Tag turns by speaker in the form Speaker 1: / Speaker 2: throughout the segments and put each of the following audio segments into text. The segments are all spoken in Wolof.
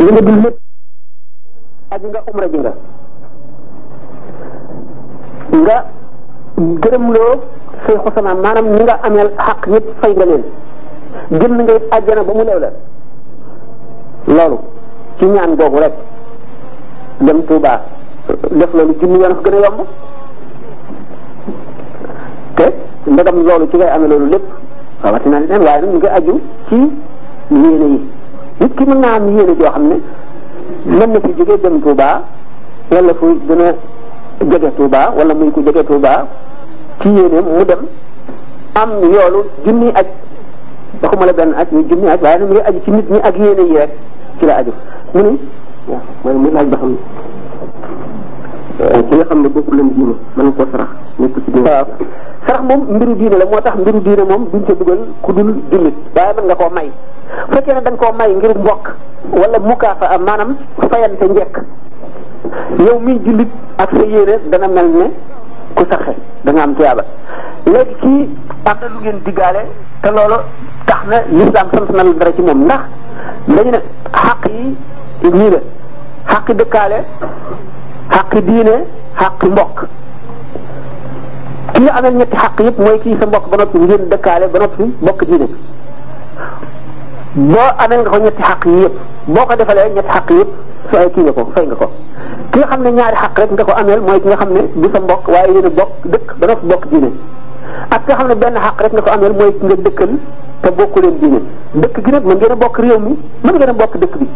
Speaker 1: li nga dul lépp aji nga umra ji nga nga gërëmloo say xusama maanaam ñi nga ameel xaq ñëpp fay nga leen génn nga it àjjana ba mu leew la loolu ci ñaan googu rek dem Tuubaa def loolu junni yoon gën a yomb te ndegam loolu ci ngay amee loolu lépp rawatina leen waaye nag ngi aju ci yéene yi nit ki mën naa am yéene joo xam ne mën na fi jóge dem Touba wala fu gën jege Touba wala muy ko jege Touba ci yéeneem mu dem am yoolu junni aj waxuma la benn aj muy junni aj waaye nag mu ngi ci nit ñi ak yéene yi rek ci la aju mu ni waaw mooy mu laaj ba xam euh, ki nga xam ne bokkul leen diine mën koo sarax nekk ci diine waaw sarax moom moo tax mbiru diine moom duñ ca dugal ku dul jullit waaye mën nga koo may bu fekkee ne dañ koo may ngir mbokk wala mukaafa maanaam fayante njekk yow miy jullit ak sa yére dana mel ni ku saxe da nga am tuyaaba léegi kii am na lu ngeen diggaale te loolu tax na lislaam sant na la dara ci moom ndax dañu ne xaq yi nii la xaqi dëkkaale xaqi diine xaqi mbokk ki nga amee ñetti xaq yëpp mooy kii sa mbokk ba noppi ngeen dëkkaale ba noppi mbokk diine boo amee nga ko ñetti xaq yi yëpp boo ko defalee ñetti xaq yëpp fay kii nga ko fay nga ko ki nga xam ne ñaari xaq rek nga ko ameel mooy ki nga xam ne du sa mbokk waaye yéen a bokk dëkk ba noppi bokk diine ak ki nga xam ne benn xaq rek nga ko ameel mooy ki nga dëkkal te bokku leen diine dëkk gi nag mën ngeen bokk réew mi mën ngeen bokk dëkk bi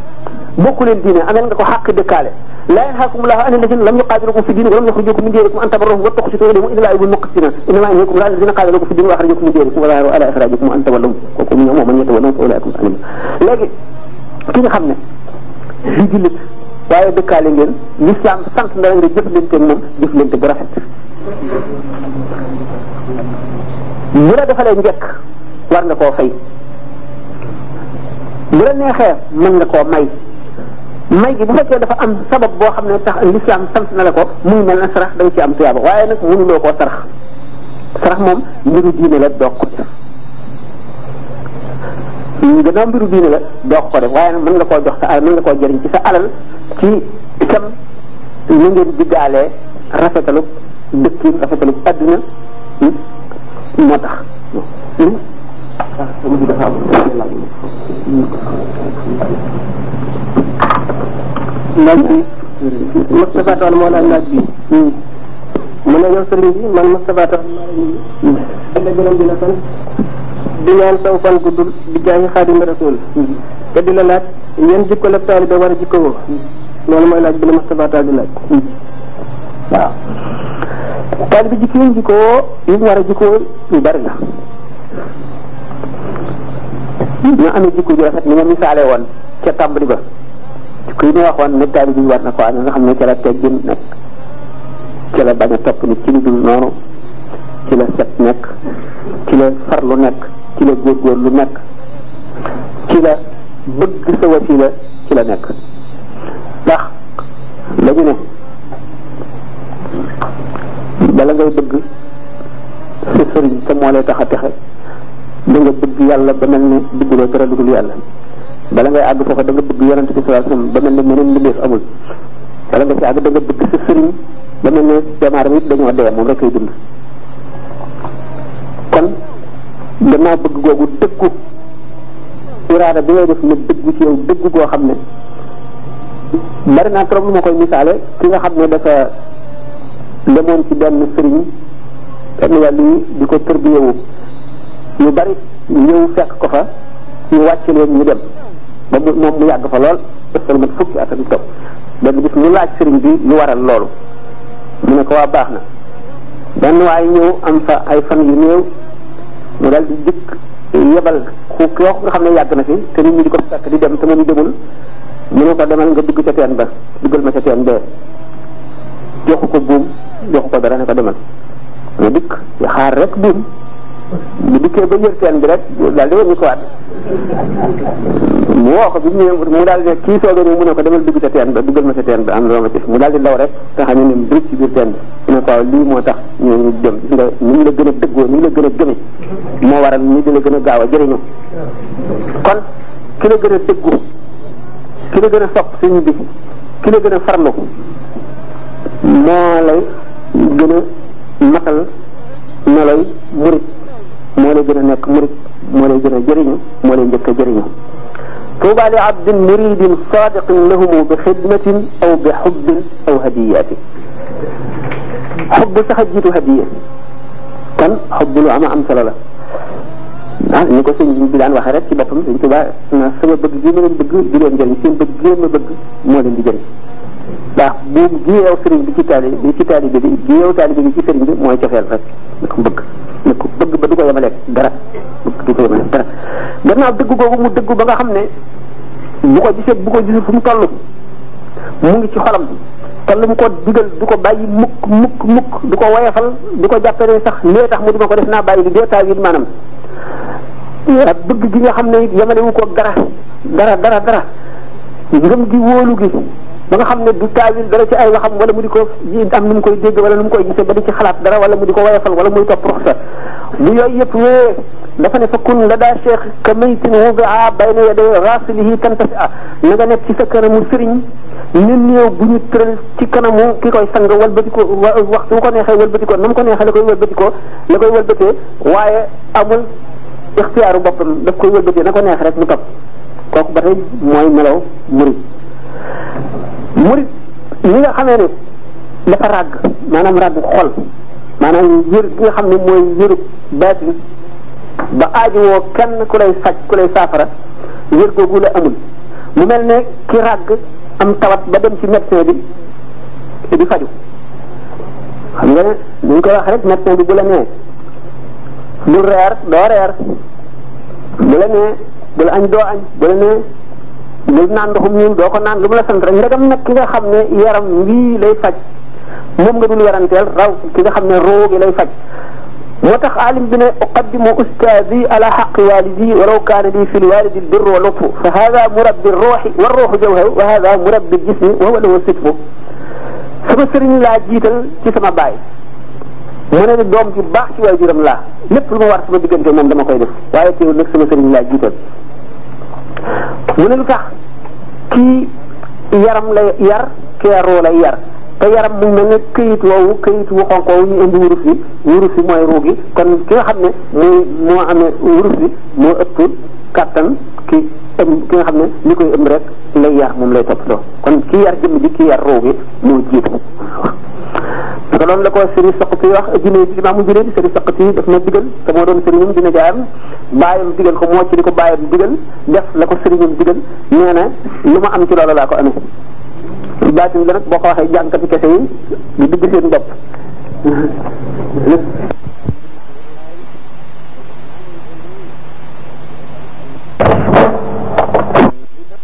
Speaker 1: bokku leen diine ameel nga ko xaq dëkkaale la yanhaakum laahu ani allazina lam yuqaatilukum fi diin wa lam yukhrijukum min diyaarikum an tabarruhum wa tuqsituu ilayhim inna laaha yuhibbul muqsitiin innamaa yanhaakum laahu ani allazina qaataluukum fi diin wa akhrajakum min diyaarikum wa zaaharuu alaa ikhraajikum an tawallawhum kooku ñoom moom man yatawallahum fa ulaaika humul ghaafiluun léegi ki nga xam ne di jullit waaye dëkkaale ngeen l'islam sant na la nga jëflante ak moom jëflante bu rafet bu la defalee njëkk war nga koo fay bu la neexee mën nga koo may may gi bu fekkee dafa am sabab boo xam ne tax lislaam sant na la ko muy mel na sarax da ci am tuyaaba waaye nag mënuloo koo sarax sarax moom mbiru diine la doog ko def gannaaw mbiru diine la doog ko def waaye nag mën nga koo jox sa alal mën nga koo jëriñ ci sa alal ci itam na ngeen digaalee rafetalu dëkkin rafetalu adduna moo tax hmm? laaj bi. Moustapha Tall moo laaj laaj bi. mu ne yow sëriñ bi man Moustapha Tall maa ngi lay ñaan saw fan guddul di jaay xaadim rasul te di la laaj yéen jikko la taalibe war a jikkowoo loolu mooy laaj bi la Moustapha Tall di laaj. waaw taalibe jikko yi jikkowoo yi war a jikkoo yu bari la. ñu amee jikko ju ni ma misaale woon ca tàmbali ba. jikko yi may waxoon ne taalibe bi war na ko amee nga xam ne ca la teggin nekk ci la bañ a topp nit ci lu dul noonu ci la set nekk ci la farlu nekk ci la góorgóorlu nekk ci la bëgg sa wasila ci la nekk ndax la ne bala ngay bëgg sa sëriñ te moo lay tax a texe da bëgg yàlla ba mel ni bëgguloo dara lu dul yàlla bala ngay àgg foofa da nga bëgg yonent bi sallallahu alayhi ba mel ne meneen mbindeef amul bala nga ci àgg danga nga bëgg sa sëriñ ba mel ne doomaadama yëpp dañoo dee moom rek kay dund kon gannaaw bëgg googu dëggu iraada bi ngay def na dëggu ci yow dëggu goo xam ne bari naa trop lu ma koy misaale ki nga xam ne dafa demoon ci benn sëriñ benn wàll yi di ko tërbiyewu yu bari ñëw fekk ko fa ñu wàcc leen ñu dem ba mu moom mu yàgg fa lool ëppal mat mu laaj sëriñ bi lu waral loolu mu ne ko waa baax na benn waaye ñëw am fa ay fan yu néew mu dal di dikk yebal ku koo nga xam ne yàgg na fi te nit ñi di ko fekk di dem te moom demul mu ne ko demal nga dugg ca teen ba duggal ma ca teen bee joxu ko buum joxu ko dara ne ko demal mu dikk xaar rek buum mu dikkee ba yër teen bi rek daal di wëññi ko mu woo ko bi mu ñëwee mu daal di ne kii soog a ñëw mu ne ko demal dugg ca teen ba duggal ma ca teen ba am na mu daal di daw rek nga xam ne dugg ci biir teen bi mu ne ko lii moo tax ñu ñu dem gis la gën a dëggoo ni mu la gën a gëme moo waral a di la gën a gaaw a jëriñu kon ki la gën a dëggu ki la gën a sopp suñu bi ki la gën a farlu moo lay gën a matal na lay murit moo lay gën a nekk murit moo lay gën a jëriñu moo lay njëkk a tuuba li abdin muridin sadiqin lahumu bi xidmatin aw bi xubbin aw hadiyatin xubb sax a jiitu hadiya kon xubb lu ama am solo la ah ni ko sëñ bi daan waxee rek ci boppam sëñ tuuba sama bëgg gi ma leen bëgg di leen jëriñ seen bëgg gi ma bëgg moo leen di jëriñ ndax buum gi yeew sëriñ bi ci taali bi ci taalibe bi gi yeew taalibe bi ci sëriñ bi mooy cofeel rek na ko bëgg na ko bëgg ba du ko yemaleeg dara a dara gannaaw dëgg googu mu dëgg ba nga xam ne bu ko gisee bu mu toll mu ngi ci xolam te lu mu ko du ko bàyyi mukk mukk mukk du ko woyefal du ko jàppale sax lee tax mu ko def naa bàyyi li dee taal yi maanaam bëgg gi nga xam ne it yemale wu ko dara dara dara dara ngëm gi wóolu gi ba nga xam ne du taawil dara ci ay xam wala mu di ko am nu mu koy dégg wala nu mu koy gisee ba di ci xalaat dara wala mu di ko woyefal wala muy topp ruxsa bu yooyu yëpp dafa ne fa kun la daa cheikh ka maytin wudia bayna yaday rasilihi tantasi a na nga nekk ci sa kanamu sëriñ
Speaker 2: ne néew bu ñu
Speaker 1: tëral ci kanamu ki koy sang walbati ko waxtu bu ko neexee walbati ko na ko neexee la koy walbati ko la koy walbatee waaye amul ixtiyaaru boppam daf koy walbatee na ko neex rek mu topp kooku ba tey mooy melaw murid murid ñi nga xamee ne dafa ràgg maanaam ràgg xol maanaam yër gi nga xam ne mooy yërub baatin ba aaju woo kenn ku lay faj ku lay saafara wér googu la amul mu mel ne ki ràgg am tawat ba dem ci médecin bi di faju xam nga ne ñu ngi koy wax rek médecin bi bu la nee bul reer doo reer bu la añ doo añ bu la nee bul naan ndoxum ñuul doo ko naan lu mu la sant rek ndegam nag ki nga xam ne yaram wii lay faj moom nga dul weranteel raw ki nga xam ne roo gi lay faj moo tax alim bi ne uqaddimu ustaadi ala xaqi walidi walaw kaana lii fi lwalidi lbirru wa lutfu fa hada murabbi ruuxi wa ruuxu jawhar wa hada murabbi jismi wa huwa lahu sitfu sama sëriñ laa jiital ci sama baay mu ne ni doom ji baax ci waajuram laa lépp lu ma war sama diggante moom dama koy def waaye teewul nag sama sëriñ laa jiital mu ne lu tax kii yaram lay yar keeroo lay yar te yaram mu mel ne këyit woowu këyit wu xonq woowu ñu indi wurus yi wurus yi mooy ruu gi kon ki xam ne mooy moo amee wurus yi moo ëpp kàttan ki ëm ki xam ne li koy ëm rek lay yar moom lay toppatoo kon ki yar jëmm ji ki yar ruu gi moo jiitu parce que la ko sëriñ Saqati wax junne bi imaamu junne bi sëriñ Saqati daf na digal te moo doon sëriñam dina jaayam bàyyam digal ko moo ci li ko bàyyam digal def la ko sëriñam digal nee na li ma am ci loolu laa ko amee baatin la nag boo ko waxee jànkati kese yi du dugg seen bopp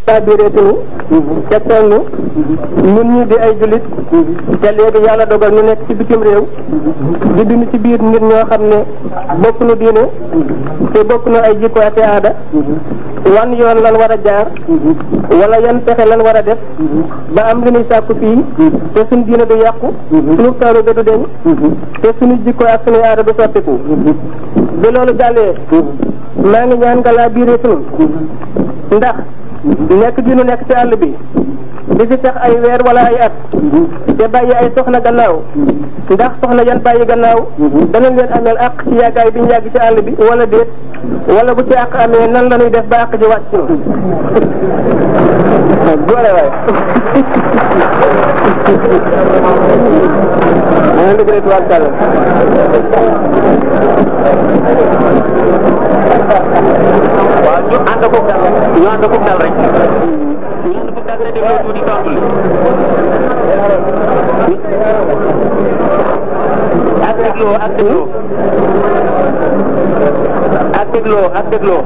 Speaker 2: daa biireetinu
Speaker 1: tegtal nu ñun ñi di ay jullit te léegi yàlla dogal ñu nekk ci bitim réew di dund ci biir nit ñoo xam ne bokk nu diine te bokk nu ay jikko ak aada wan yoon lan war a jaar wala yan pexe lan war a def ba am li ñuy sàkku fii te suñu diina du yàqu suñu taaru ga du deñ te suñu jikko ak suñu aada du soppiku bi loolu jàllee maa ngi ñaan nga laa biiree sunu ndax nekk gi nu nekk ci àll bi di fi sax ay weer wala ay at te bàyyi ay soxna gannaaw ndax soxna yan bàyyi gannaaw danañ leen ameel àq ci yàggaay bi ñu yàgg ci àll bi wala déet wala bu ci àq amee nan la ñuy def ba àq ji wàcc
Speaker 2: gore waay ñu ànd ko dal ñu ànd da nga dégloo tuuti tontu li. ak dégloo ak dégloo.
Speaker 1: ak dégloo ak dégloo.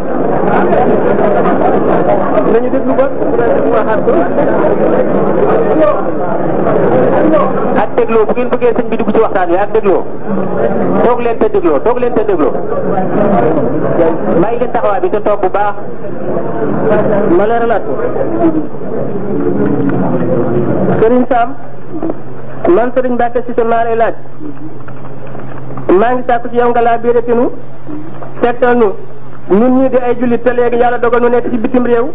Speaker 1: nañu déglu ba ak dégloo bu ngeen bëggee sëñ bi dugg ci waxtaan wi ak dégloo toog leen te dégloo toog leen te dégloo bàyyi leen taxawaay bi te toog bu baax ma leeralaat ko sëriñ Sam man sëriñ Mbacke si sa maa laaj maa ngi sàkku ci yow nga laa biiratinu seetal nu ñun ñii di ay jullit te léegi yàlla dogal nu nekk ci bitim réew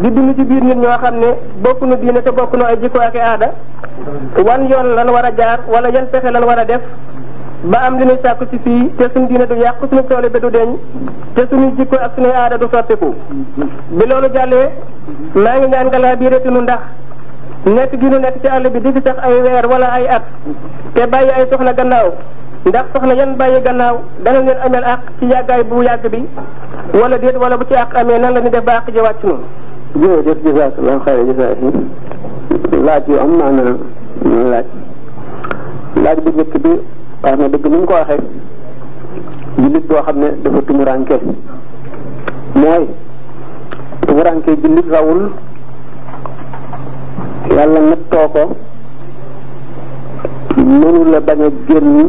Speaker 1: di dund ci biir nit ñoo xam ne bokk nu diine te bokk nu ay jikko ak aada wan yoon lan war a jaar wala yan pexe lan war a def ba am li ñuy sàkku ci fii te suñu diine du yàqu suñu toole ba du deñ te suñu jikko ak suñuy aada du soppiku bi loolu jàllee maa ngi ñaan nga laa biire nu ndax nekk gi nu nekk ci àll bi di fi tax ay weer wala ay at te bàyyi ay soxna gannaaw ndax soxna yan bàyyi gannaaw dana leen ameel àq ci yàggaay bu yàgg bi wala déet wala bu ci àq amee nan lañu def ba àq ji wàcc
Speaker 2: noonu. jërëjëf
Speaker 1: laaj yu am maanaam ñu laaj laaj bu njëkk ko waxee jullit boo xam ne dafa tumuranke mooy tumuranke jullit la bañ a génn.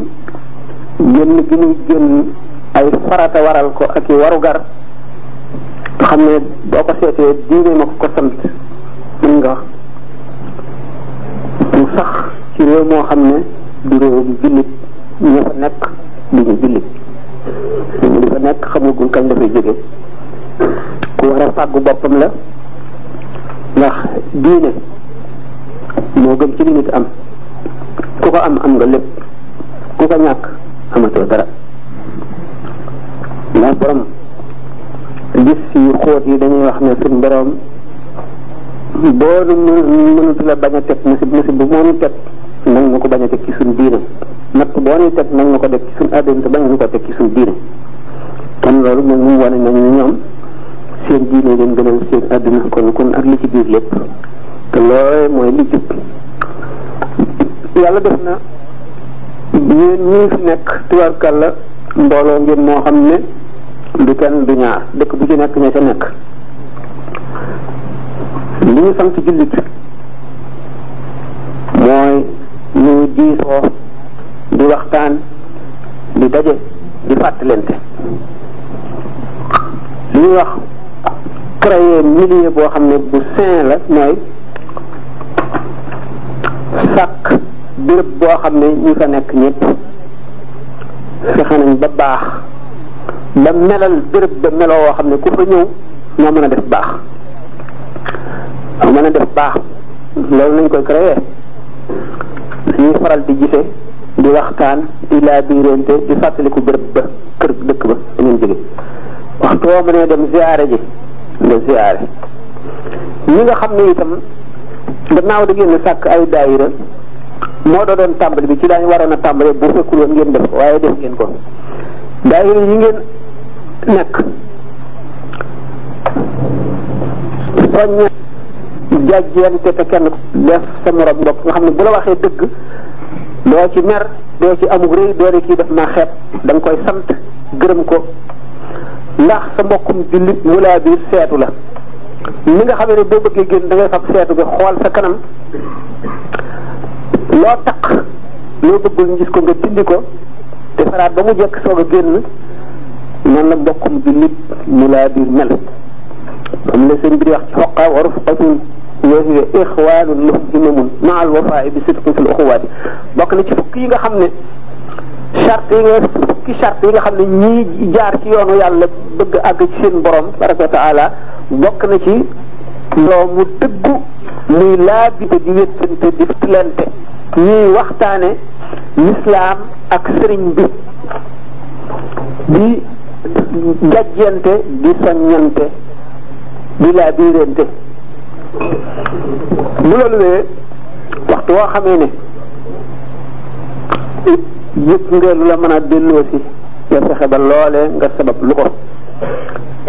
Speaker 1: génn gi muy génn ay farata waral ko ak i warugar xam ne boo ko seetee diine ma ko ko sant mën nga mu sax ci réew moo xam ne du réewum jullit nekk du ñu jullit ñu di fa nekk xamagul kañ dafay jóge ku war a fàggu boppam la ndax diine moo gën ci li nit am ku ko am am nga lépp ku ko ñàkk amatoo dara ndax borom gis yu xóot yi dañuy wax ne suñ borom boo nu mënatu la bañ a teg musib musib bu moo nu teg nag na ko bañ a teg ci suñ diine natt boo nuy teg nag ko teg ci suñ àdduna nu ko teg ci suñ diine kon loolu moom mu wane nañu ne ñoom seen diine leen gënal seen àdduna kon kon ak li ci biir lépp te looy mooy li jub yàlla def na yéen ñii fi nekk la mbooloo ngeen moo xam ne du kenn du ñaar dëkk bu ci nekk ña ca nekk li ñu sant jullit mooy ñu diisoo di waxtaan di daje di fàttalente li ñuy wax créer milieu boo xam ne bu sain la mooy sàkk béréb boo xam ne ñi fa nekk ñëpp fexe nañ ba baax ba melal béréb ba meloo woo xam ne ku fa ñëw ñoo mën a def baax ñoo mën a def baax loolu nañ koy créer dañuy faral di gise di waxtaan di laa biirante di fàttaliku béréb ba kër dëkk ba da ngeen jóge waxtu woo dem ziare ji nga ziare ñi nga xam ne itam gannaaw da ngeen sàkk ay daayira moo doon tàmbali bi ci daañu waroon a tàmbalee bu fekkul woon ngeen def ko waaye def ngeen ko daayira yi ngeen nekk soñña jàjjeente te kenn def sa morom bopp nga xam ne bu la waxee dëgg doo ci mer doo ci amug rëy doo ne kii def maa xeeb da koy sant gërëm ko ndax sa mbokkum jullit mu laa biir seetu la li nga xamee ne boo bëggee génn da ngay fab seetu bi xool sa kanam loo takk loo bëggul ñu gis ko nga tindi ko te faraat ba mu jekk soog a génn noonu la mbokkum jullit mu laa biir mel moom la sëñ bi di wax ci xoqa wa rufqatun wa hiya ixwaanun lahum imamun ma al wafaa'i bi sidqin fil uxuwaati bokk na ci fukk yi nga xam ne charte yi fukki yi nga xam ne ñii jaar ci yoonu yàlla bëgg àgg ci seen borom tabaraka wa bokk na ci loo mu dëggu muy laa bi di wéttante di futilante ñuy waxtaane lislaam ak sëriñ bi di jajjante di soññante di laa biirante bu loolu wee waxtu woo xamee ne yëpp nga lu la mën a delloo si nga fexe ba nga sabab lu ko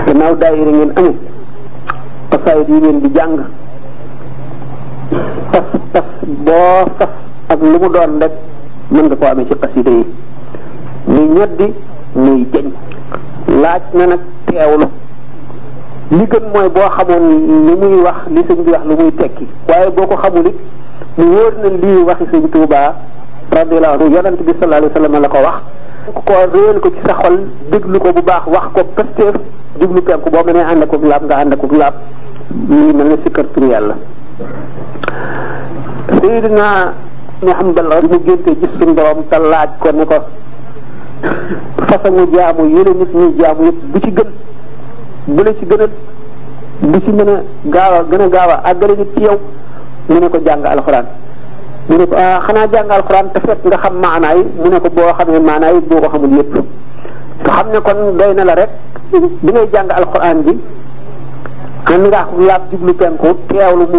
Speaker 1: gannaaw daayira ngeen amee tasaayit yi ngeen di jàng fas fas boo fas ak lu mu doon rek mën nga koo amee ci xasida yi muy ñoddi muy jëñ laaj na nag teewlu li gën mooy boo xamoon lu muy wax li sëñ bi wax lu muy tekki waaye boo ko xamul it mu wóor na lii waxi sëñ Tuubaa radiyallahu anhu yonent bi sallallahu alayhi wa sallam la ko wax ko ko ci sa déglu bu baax wax ko pësteef jublu penku boo mënee ànd akook nga ànd akook laab lii mel na sikkar ne Hanbal mu génte gis suñu borom te laaj ko ne ko façon jaamu yële nit ñuy jaamu yëpp bu ci gën bu la ci gën bu ci mën a gaaw gën a gaaw a àggale nit ci yow mu ne ko jàng alxuraan mu ne ko ah, xanaa jàng alxuraan nga xam maanaay mu ne boo xamee maanaay boo ko xamul yëpp xam ne kon doy na rek bi ngay jàng alxuraan ji kon li nga wax laab jublu penku teewlu mu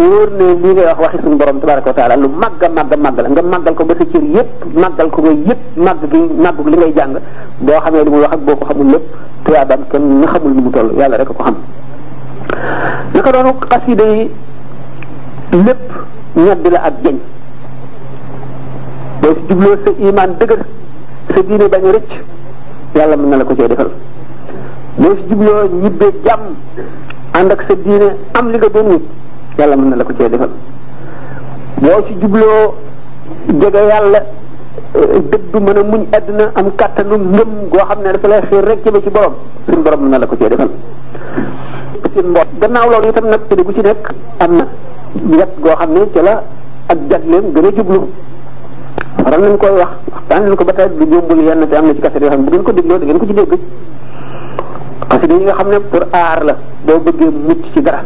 Speaker 1: wóor wax waxi suñu borom tabaraka wa taala lu màgg a màgg a ko ba sa cër yëpp màggal ko ba yëpp màgg gi màgg li ngay jàng boo xamee li muy wax ak boo ko xamul lépp tuyaabaam kenn xamul nu mu toll yàlla rek a ko xam naka doonu xasida yi lépp ñedd la ak jëñ boo si jubloo sa imaan dëgër sa diine bañ rëcc yàlla mën na la ko cee defal boo si jubloo ñibbee jàmm ànd ak sa diine am li nga doon wut yàlla mën na la ko cee defal boo ci jubloo jege yàlla euh, dëddu mën a muñ àddina am kàttanu ngëm goo xam ne dafa lay xiir rek jëme ci borom suñu borom mën na la ko cee defal seen mboot gannaaw loolu itam nag te gu ci nekk am na wet goo xam ne ci la ak leen gën a jublu waral nañ koy wax waxtaan nañ ko ba tey du jómbul yenn te am na ci kaset yoo xam ne bu ngeen ko dégloo da ko ci dégg parce xasida yi nga xam ne pour aar la boo bëggee mucc ci dara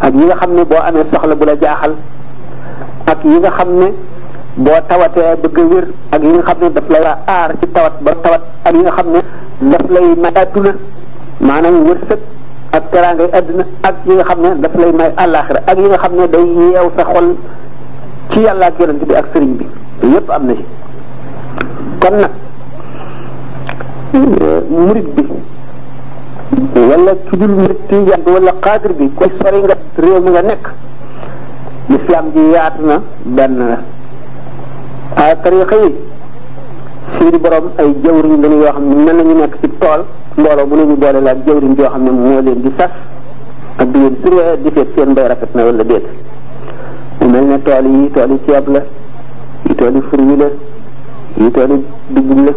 Speaker 1: ak yi nga xam ne boo amee soxla bu la jaaxal ak yi nga xam ne boo tawatee bëgg wér ak yi nga xam ne daf lay aar ci tawat ba tawat ak yi nga xam ne daf lay may àdduna maanaam wërsëg ak teraangay àdduna ak yi nga xam ne daf lay may àllaaxira ak yi nga xam ne day yeew sa xol ci yàlla ak yonent bi ak sëriñ bi yépp am na ci kon nag murid bi wala ki dul nit yàgg wala xaadir bi koy sori nga réew mi nga nekk lislaam ji yaatu na benn la a tarixa yi sii borom ay jawriñ dañu yoo xam ne mel nañu nekk ci tool mbooloo bu nañu boole laak jawriñ joo xam ne moo leen di sas ak di leen seet seen mbay rafet na wala déet mu mel ne tool yi tool yi ceeb la yi tool yi furwi la yi tool yi dugub la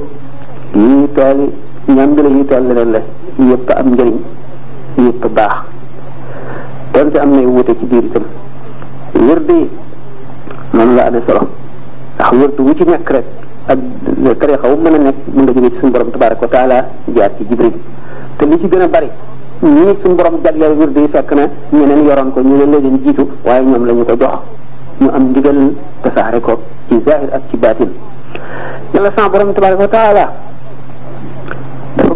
Speaker 1: yi tool yi ñambi la yi tool leneen la yëpp am njëriñ yëpp baax donte am na wuute ci biir itam wërd yi noonu la amee solo ndax wërd wu ci nekk rek ak tarixa wu mën a nekk mën nga jógee ci suñu borom tabaraka wa taala jaar ci jibril te li ci gën a bari ñii suñu borom jagleel wërd yi fekk na ñeneen yoroon ko ñeneen la leen jiitu waaye ñoom la ñu ko jox ñu am ndigal tasaare ko ci zahir ak ci baatin yàlla sa borom tabaraka wa taala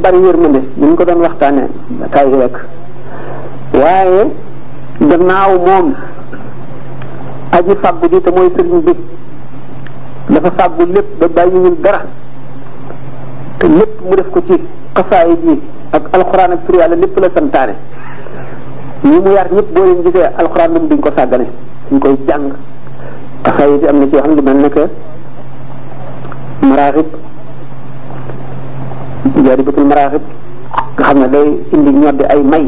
Speaker 1: bari yërmande bi ñu ko doon waxtaane tay rek waaye gannaaw moom aji fàggu ji te mooy sëriñ bi dafa fàggu lépp ba bàyyiwul dara te lépp mu def ko ci xasaayid yi ak alxuraan ak tur yàlla lépp la santaane ñi mu yar ñëpp boo leen gisee alxuraan moom duñ ko sàggane duñ jàng xasaayid yi am na ci yoo xam ne mel na jaaribatul maraaxib nga xam ne day indi ñoddi ay may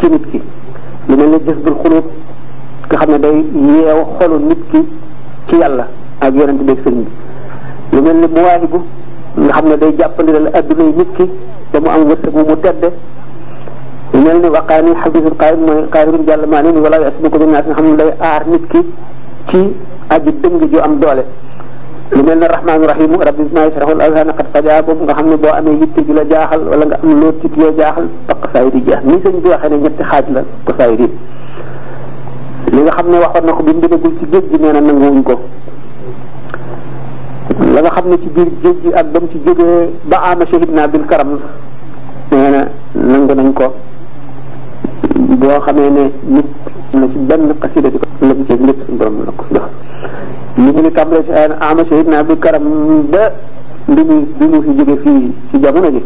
Speaker 1: ci nit ki lu mel ne jazbul xuluub nga xam ne day yeew xolu nit ki ci yàlla ak yonent bi ak sëriñ bi lu mel ne muwaahibu nga xam ne day jàppandilal adduna nit ki ba mu am wërsëg mu tedde lu mel ni waqaani xafisul qaayim mooy qaahirun jàll maa ni wala yasibu ko nga xam ne day aar nit ki ci aji dëng ju am doole lu mel ne rahmaanu rahimu rabbi maa yasrahu al-azhana qad fajaa boobu nga xam ne boo amee yitte ju la jaaxal wala nga am loo tiit jaaxal ba xasaayid yi jeex nii sëñ ne ñetti xaaj la xasaayid li nga xam ne waxoon na ko bi mu demagul ci géej gi nee nanguwuñ ko la nga xam ne ci biir géej gi ak ba ci jógee ba ama shahid na bil karam nee na nañ ko boo xamee ne na ci benn xasida di ko la mu ci nit suñu borom la ko li mu ni tàmbalee ci ayaan ama naa bu karam ba bi mu bi mu fi jóge fii ci jamono ji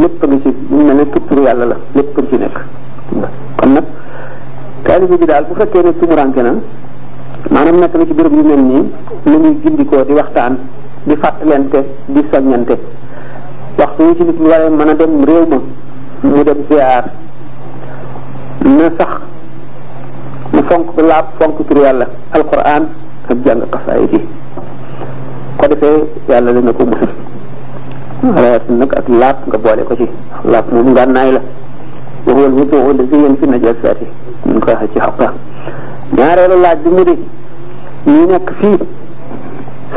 Speaker 1: lépp a ngi ci mu mel ni tutturu yàlla la lépp a ci nekk kon nag taalibe bi daal bu fekkee ne tumuranke na maanaam nekk na ci béréb yu mel nii la ñuy gindikoo di waxtaan di fàttalente di soññante waxtu yu ci nit ñi waree mën a dem réew ma mu dem ziar na sax mu fonk laab fonk tur yàlla alquran ak jàng xasaayit yi ko defee yàlla dana ko musal rawat nag ak laab nga boole ko ci laab moom ngànnaay la waxwal mu tooxu lasi yéen fi najasaat yi mun ko waxee ci xaqa ñaareelu laaj bi mu di ñi nekk fii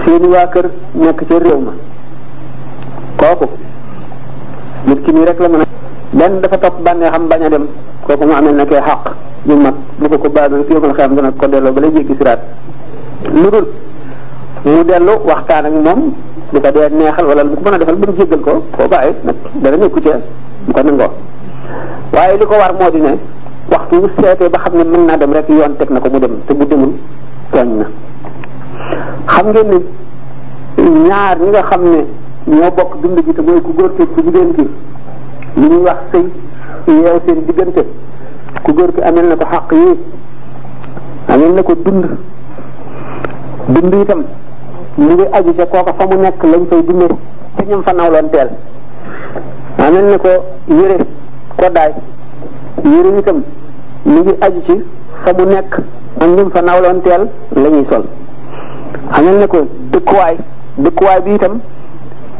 Speaker 1: seeni waa nekk ca réew ma kooku nit ki nii rek la mën a benn dafa topp bànnee xam bañ a dem kooku mu amel na kee xaq ñu mag bu ko ko baadoo yóbal xam dana ko ba lay jéggi siraat lu dul mu dellu waxtaan ak moom bu ko dee neexal wala lu ko a defal ba mu jéggal ko koo bàyyi nag dara nekku ca mu ko nangoo waaye li ko war moo di ne waxtu wu seetee ba xam ne mën naa dem rek yoon teg na ko mu dem te bu demul tooñ na xam ngeen ne ñaar ñi nga xam ne ñoo bokk dund gi te mooy ku góor ki ku jigéen ki li ñuy wax sëy yeew ku góor ki amel na ko xàq yi amel na ko dund dund tam mu ngi aju ca kooka fa mu nekk lañ fay dunde te ñam fa nawloon teel maa mel ne ko yére koddaay yére itam mu ngi aju ci fa mu nekk ak ñam fa nawloon teel la sol xamal ne ko dëkkuwaay dëkkuwaay bi itam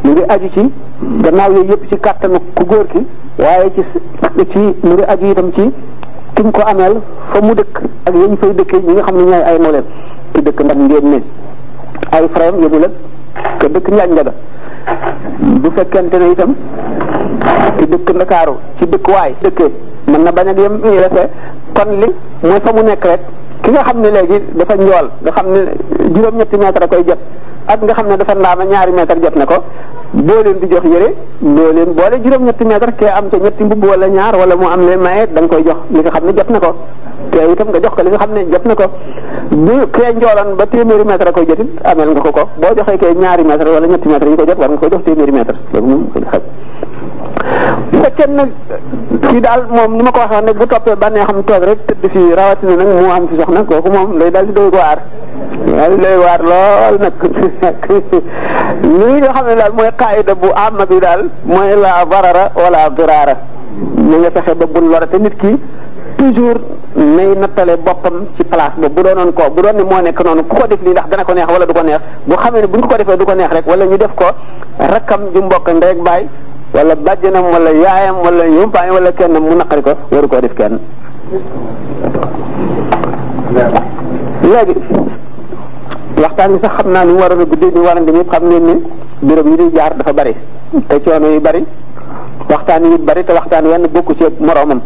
Speaker 1: mu ngi aju ci gannaaw yooyu yëpp ci kàttanu ku góor ki waaye ci mu ngi aju itam ci ki ñu ko ameel fa mu dëkk ak yañ fay dëkkee ñu ngi xam ne ñooy ay moleem ci dëkk ndax ngeen ne ay frèm yëgu la dëkk ñaaj njaga bu fekkent ne itam ki dëkk ndakaaru ci dëkkuwaay dëkkee mën na bañ ak yem ñu rese kon li mooy fa mu nekk rek ki nga xam ne léegi dafa njool nga xam ne juróom-ñetti mètre a koy jot ak nga xam ne dafa ndaama ñaari mètre jot na ko boo leen di jox yére boo leen boole juróom-ñetti mètre kee am ca ñetti mbubb wala ñaar wala mu am leen maye da koy jox li nga xam ne jot na ko te itam nga jox ko li nga xam ne jot na ko bu kee njoolan ba téeméeri mètre a koy jotit ameel nga ko ko boo joxee ko ñaari mètre wala ñetti mètre yi ko jot war nga ko jox téeméeri mètre loolu moom xaj bu nag fii daal moom ni ma ko waxee nag bu toppee bànnee xam toog rek tëdd fii rawatina nag mu am fi moom day daal di doy waar daal di doy waar lool nga xam ne daal mooy qaayida bu amma bi daal mooy la barara wala diraara ni nga fexe ba bul lorate nit ki toujours nay nattale boppam ci place ba bu doonoon ko bu doon ne moo nekk noonu ku ko def lii ndax dana ko neex wala du ko neex bu xamee ne bu ñu ko defee du ko neex rek wala ñu def ko rakkam ju mbokk ndey ak baay wala wala yaayam wala yumpaay wala kenn mu naqari ko waru koo def kenn. waxtaan bi sax xam naa ni mu waroon a guddee ñu waroon dañuy xam ngeen ni béréb yi di jaar dafa bari te coono yi bari waxtaan yu bari te waxtaan wenn bokku ci moroomam.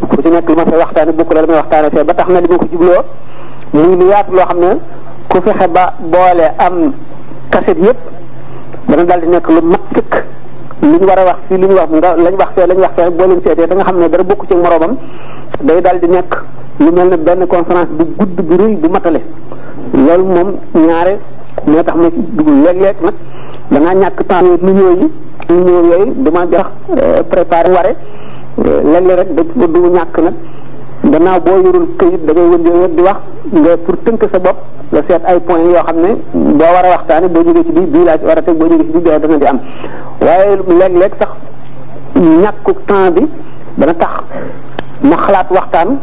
Speaker 1: ku ci nekk li ma fay waxtaane bokk la may waxtaane fee ba tax na li ma ko jubloo muy lu yaatu loo xam ne ku fexe ba boole am kaset yépp dana daal di nekk lu mat sëkk li ñu war a wax fii li ñu wax nga lañ wax fee lañ wax fee boo leen seetee da nga xam ne dara bokku ci moroomam di nekk lu mel ne benn conférence bu gudd bu rëy bu matale loolu moom ñaare moo tax ma ci dugg léeg-léeg nag dangaa ñàkk temps nuyoo yi nuyoo yooyu dama jox euh, préparé ware léeg rek da ci ñàkk nag gannaaw boo yorul këyit da ngay wëndeewal di wax nga pour tënk sa bopp nga seet ay points yoo xam ne boo war a waxtaanee boo jógee ci biir bii laa ci war a teg boo jógee ci biir léeg-léeg sax ñàkku temps bi dana tax ma xalaat waxtaan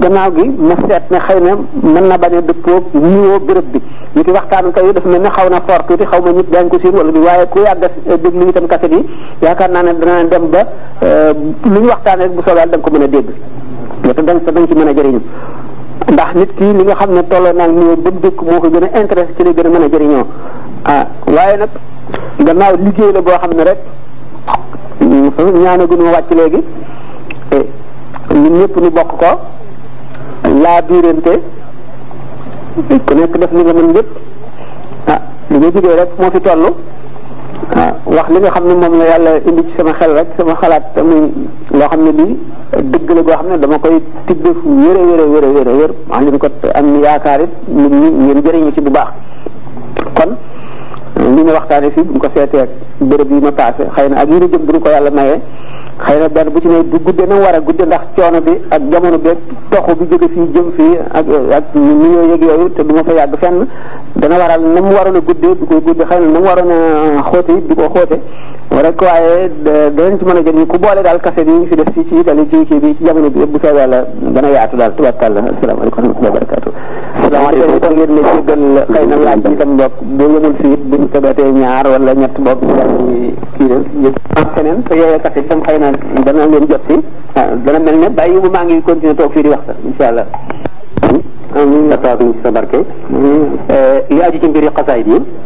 Speaker 1: gannaaw gi ma seet ne xëy na mën na bañ a dëppoo nuyoo béréb bi. ñu waxtaan waxtaanu tey dafa mel ne xaw na fort tuuti xaw ma ñit daañu ko siin wala bi waaye ku yàgg a déglu itam kaset yi yaakaar naa ne dana dem ba euh, lu ñu waxtaan rek bu soobee da ko mën a dégg te da nga ci mën a jëriñu ndax nit ki li nga xam ne tolloo naa ni ba dëkk moo ko gën a intéressé ci lay gën a mën a jëriñoo ah waaye nag gannaaw liggéey la boo xam ne rek ñaana gënu wàcc léegi eh, ñun ñëpp ñu bokk ko laa biirante nit ku nekk def ni nga mën yëpp ah li nga jigéen rek moo fi toll ah, wax li nga xam ne moom la yàlla indi ci sama xel rek sama xalaat muy loo xam ne lii dëgg la goo xam ne dama koy tibb fu wére wére wér wax ko am yaakaar it nit ñi ngeen jëriñu ci bu baax kon li ñu waxtaane fii bu ko seetee ak béréb yi ma paase xëy na ak yi ñu jëm bu ñu ko yàlla mayee xëy na benn bu ci ne du gudde na war a gudde ndax coono bi ak jamono bi toxu bi jóge fii jëm fii ak ak ni ñoo yëg yooyu te du ma fa yàgg fenn dana waral na mu waroon a gudde du ko gudde xëy na na mu waroon a xóote it du ko xootee rek waaye a jël ku boole daal kaset yi ñu fi fii ci dali ci kii bi ci jamono bi yëpp bu soobee yàlla dana yaatu daal tubaab kàlla asalaamaaleykum wa rahmatulah wa barakatuh salaamaaleykum kon ngeen ne jéggal xëy na laaj bi tam bokk bu yëmul fii it buñ ko dootee ñaar wala ñett bokk dañuy kii yëpp ak keneen yooyu kat itam xëy na dana leen jot si dana mel ne bàyyi bu maa ngi continuer toog fii di waxtaan incha allah amiin la taas ñu ci sa barke li aju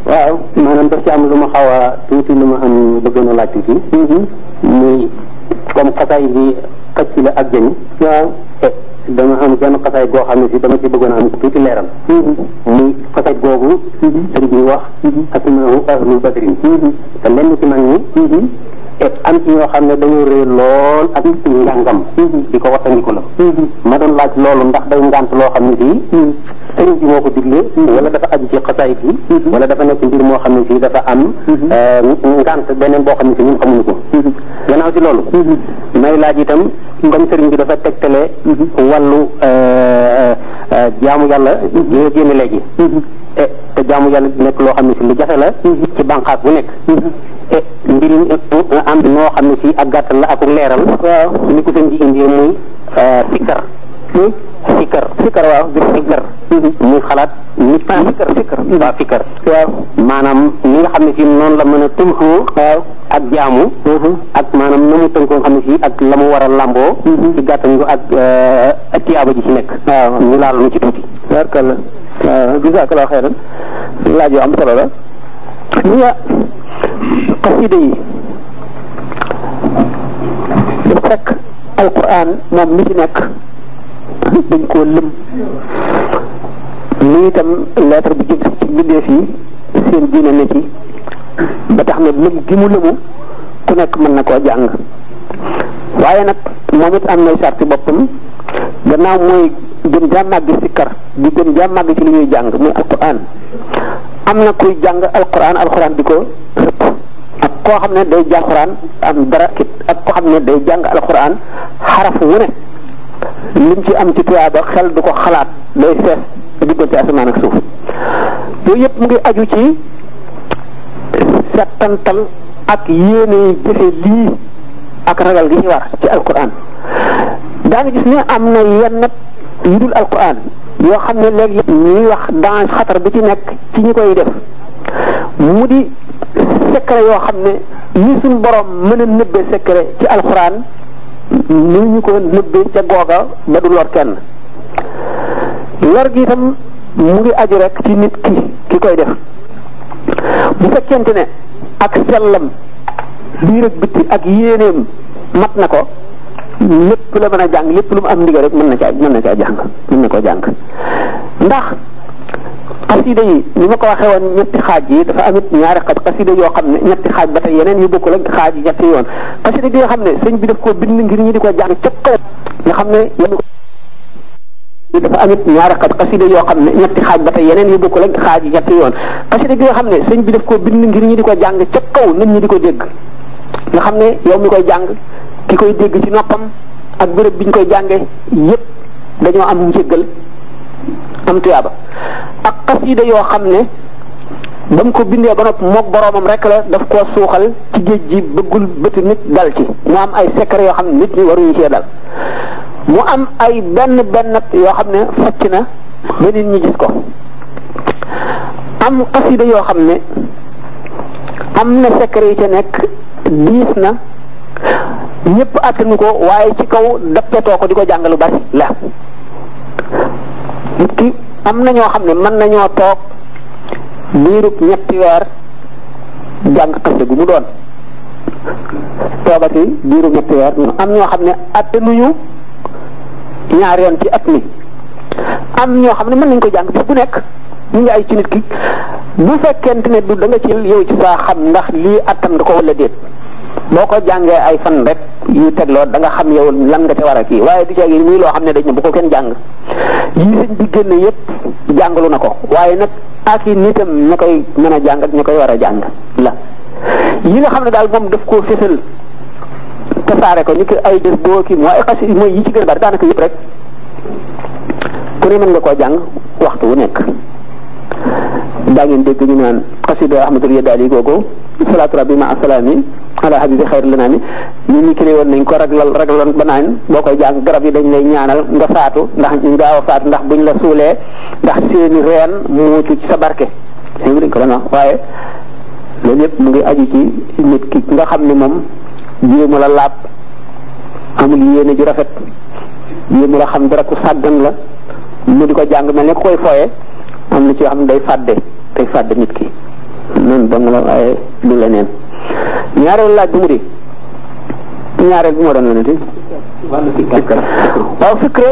Speaker 1: waaw maanaam daf ci am lu ma xaw a tuuti lu ma am bëggoon a laaj tuuti mhm. muy comme xasaayit yi xëcc la ak jën waaw e dama am benn xasaay goo xam ne si dama ci bëggoon am tuuti leeral
Speaker 2: mhm. muy
Speaker 1: xasaay googu mhm. sëriñ bi wax mhm. asimahu ahlul badrin te lenn ci mag ñi am ci ñoo xam ne dañoo réer lool ak njàngam di ko wattandiku la ma doon laaj loolu ndax day ngànt loo xam ne sii te bi moo ko digle wala dafa aju ci xasaayit yi wala dafa nekk mbir moo xam ne sii dafa am euh, ngànt beneen boo xam ne si ñun xamuñu ko gannaaw si loolu may laaj itam ngom sëriñ bi dafa tegtale wàllu euh, euh, euh, jaamu yàlla yi nga génne léegi e te jaamu yàlla nekk loo xam ne si lu jafe la mhm. ci banqaas bu nekk mhm. e mbiri am noo xam ne si ak gàttal la ak leeral waaw ni ko sëñ bi indi muy sikkar fikar fikar waaw bi fikar mhm. muy xalaat nit ki fikar waaw maanaam li nga xam ne si noonu la mën a ak jaamu mhm. ak maanaam na mu tënkoo xam ne ak la mu war a lamboo mhm. ci gàttan ko euh, ak tiyaaba ji ci nekk waaw ñu ci tuuti barkalla waaw jazakallahu xayran laaj yu am solo la moom mi ci nekk dañ koo lëm lii itam lettre bi jëm ci mbindeef yi seen diine ne ci ba tax na lëm gi mu lëmu ku nekk mën na koo jàng waaye nag moom it am nay sarti boppam gannaaw mooy gën jaa màgg sikkar di gën jaa màgg ci li ñuy jàng muy alquran am na kuy jàng alquran alquran di ko ak koo xam ne day jàng alquran am ak koo day jàng xaraf wu ne lim ci am ci tuyaaba xel du ko xalaat lay fees diggante asamaan ak suuf yooyu yëpp mu ngi aju ci settantal ak yéene jëfe lii ak ragal gi ci war ci alquran daa nga gis ne am na yenn yu dul alquran yoo xam ne léegi ñuy wax dans xatar bi ci nekk ci ñu koy def mu di secret yoo xam ne yi suñ boroom mën a nëbbe secret ci alquran nii ñu ko nëbbee ca googa ba du lor kenn lor gi itam mu ngi aju rek ci nit ki ki koy def bu fekkente ne ak sellam biir ak bitti ak yéeneem mat na ko lépp la mën a jàng lépp lu mu am ndigal rek mën na caa mën na caa jàng mën na koo jàng ndax xasida yi ni ma ko waxee ñetti xaaj yi dafa amit ñaari xaaj xasida yoo xam ne ñetti xaaj ba yu bokkul ak xaaj ñetti yoon xasida gi xam ne sëñ bi daf ko bind ngir ñi di ko jàng ca kaw nga xam ne dafa amit ñaari xaaj xasida yoo ne ñetti xaaj ba yeneen yu bokkul ak xaaj ñetti yoon xasida gi nga xam ne sëñ bi daf ko bind di ko jàng ca kaw nit ñi di ko dégg nga xam ne yow mi koy jàng ki koy dégg ci noppam ak bërëb bi ñu koy jànge yépp dañoo am njëggal am tuyaaba ak xasida yoo xam ne ba mu ko bindee ba noppi moog boroomam rek la daf koo suuxal ci géej gi bëggul bëti nit dal ci mu am ay secret yoo xam ne nit ñi waruñu cee dal mu am ay benn benn yoo xam ne facc na ñi gis ko am xasida yoo xam ne am na secret yi ca nekk diis na ñëpp attanu ko waaye ci kaw dappetoo ko di ko jàngalu bari la nit ki am na ñoo xam ne mën nañoo toog diirub ñetti weer jàng xasida gu mu doon toogati diirub ñetti weer am ñoo xam ne attanuñu ñaar yoon ci at mi am ñoo xam ne mën nañ ko jàng bis bu nekk ñu ngi ay ci nit ki bu fekkente ne du danga ci yow ci saa xam ndax lii attan nga ko wala déet boo ko jàngee ay fan rek yu tegloo da nga xam yow lan nga ca war a kii waaye du ceegi muy loo xam ne dañ ne ko kenn jàng yi sëñ bi génne na ko waaye nag ak nitam ña koy mën a jàng koy war a jàng la yi nga xam ne daal moom daf koo fësal tasaare ko ni ki ay des boo kii mooy xas mooy yi ci gën a bari daanaka yëpp rek ku ne mën nga koo jàng waxtu wu nekk daa ngeen dégg ñu naan xasida ahmadul yadaali googu salaatu rabbi ma asalaami ala habibi xayr la naa mi ñu ñu crée nañ ko raglal raglal ba naan boo koy jàng garab yi dañ lay ñaanal nga faatu ndax ñu gaaw a faatu ndax buñ la suulee ndax seeni reen mu ci sa barke ko doon waaye loolu yëpp mu ngi aju ci nit ki nga xam ne moom jéemu la laab amul yéene ju rafet jéemu la xam dara ku sàggan la mu di ko jàng mel ne ku koy fooye am na ci yoo xam ne day fàdde day fàdde nit ki noonu dong la waaye du leneen ñaareelu laaj bi mu di ñaareel bi moo doon leneen di waaw fikra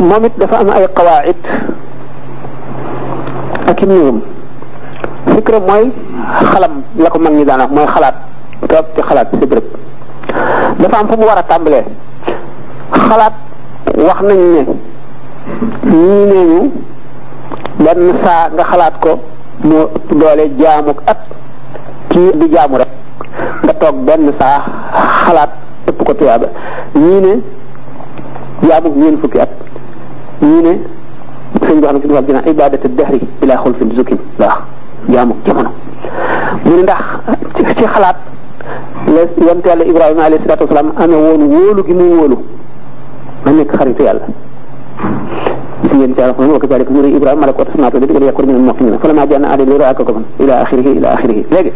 Speaker 1: moom it dafa am ay qawaid ak i niwam fikra mooy xalam la ko mag ñi daan wax mooy xalaat toog ci xalaat ci béréb dafa am fu mu war a tàmbalee xalaat wax nañu ne ñii nee ñu benn saa nga xalaat ko moo ëpp doole jaamu at kii di jaamu rek nga toog benn saa xalaat ëpp ko tuyaaba ñii ne jaamu ñeen fukki at ñii ne sëñ bi xam ne si duwal dina ibadatu dahri bila ne ndax ci xalaat la yonte yàlla ibrahima amee woon wóolu gi mu wóolu ma nekk xaritu yàlla gis ngeen ci alxuraan wa kazaalika nuri Ibrahima malakuuta samaawaati wal ardi wa liyakuna mina al-muuqiniin falammaa jaa aadil ra'a kawkaban ilaa axirihi ilaa axirihi léegi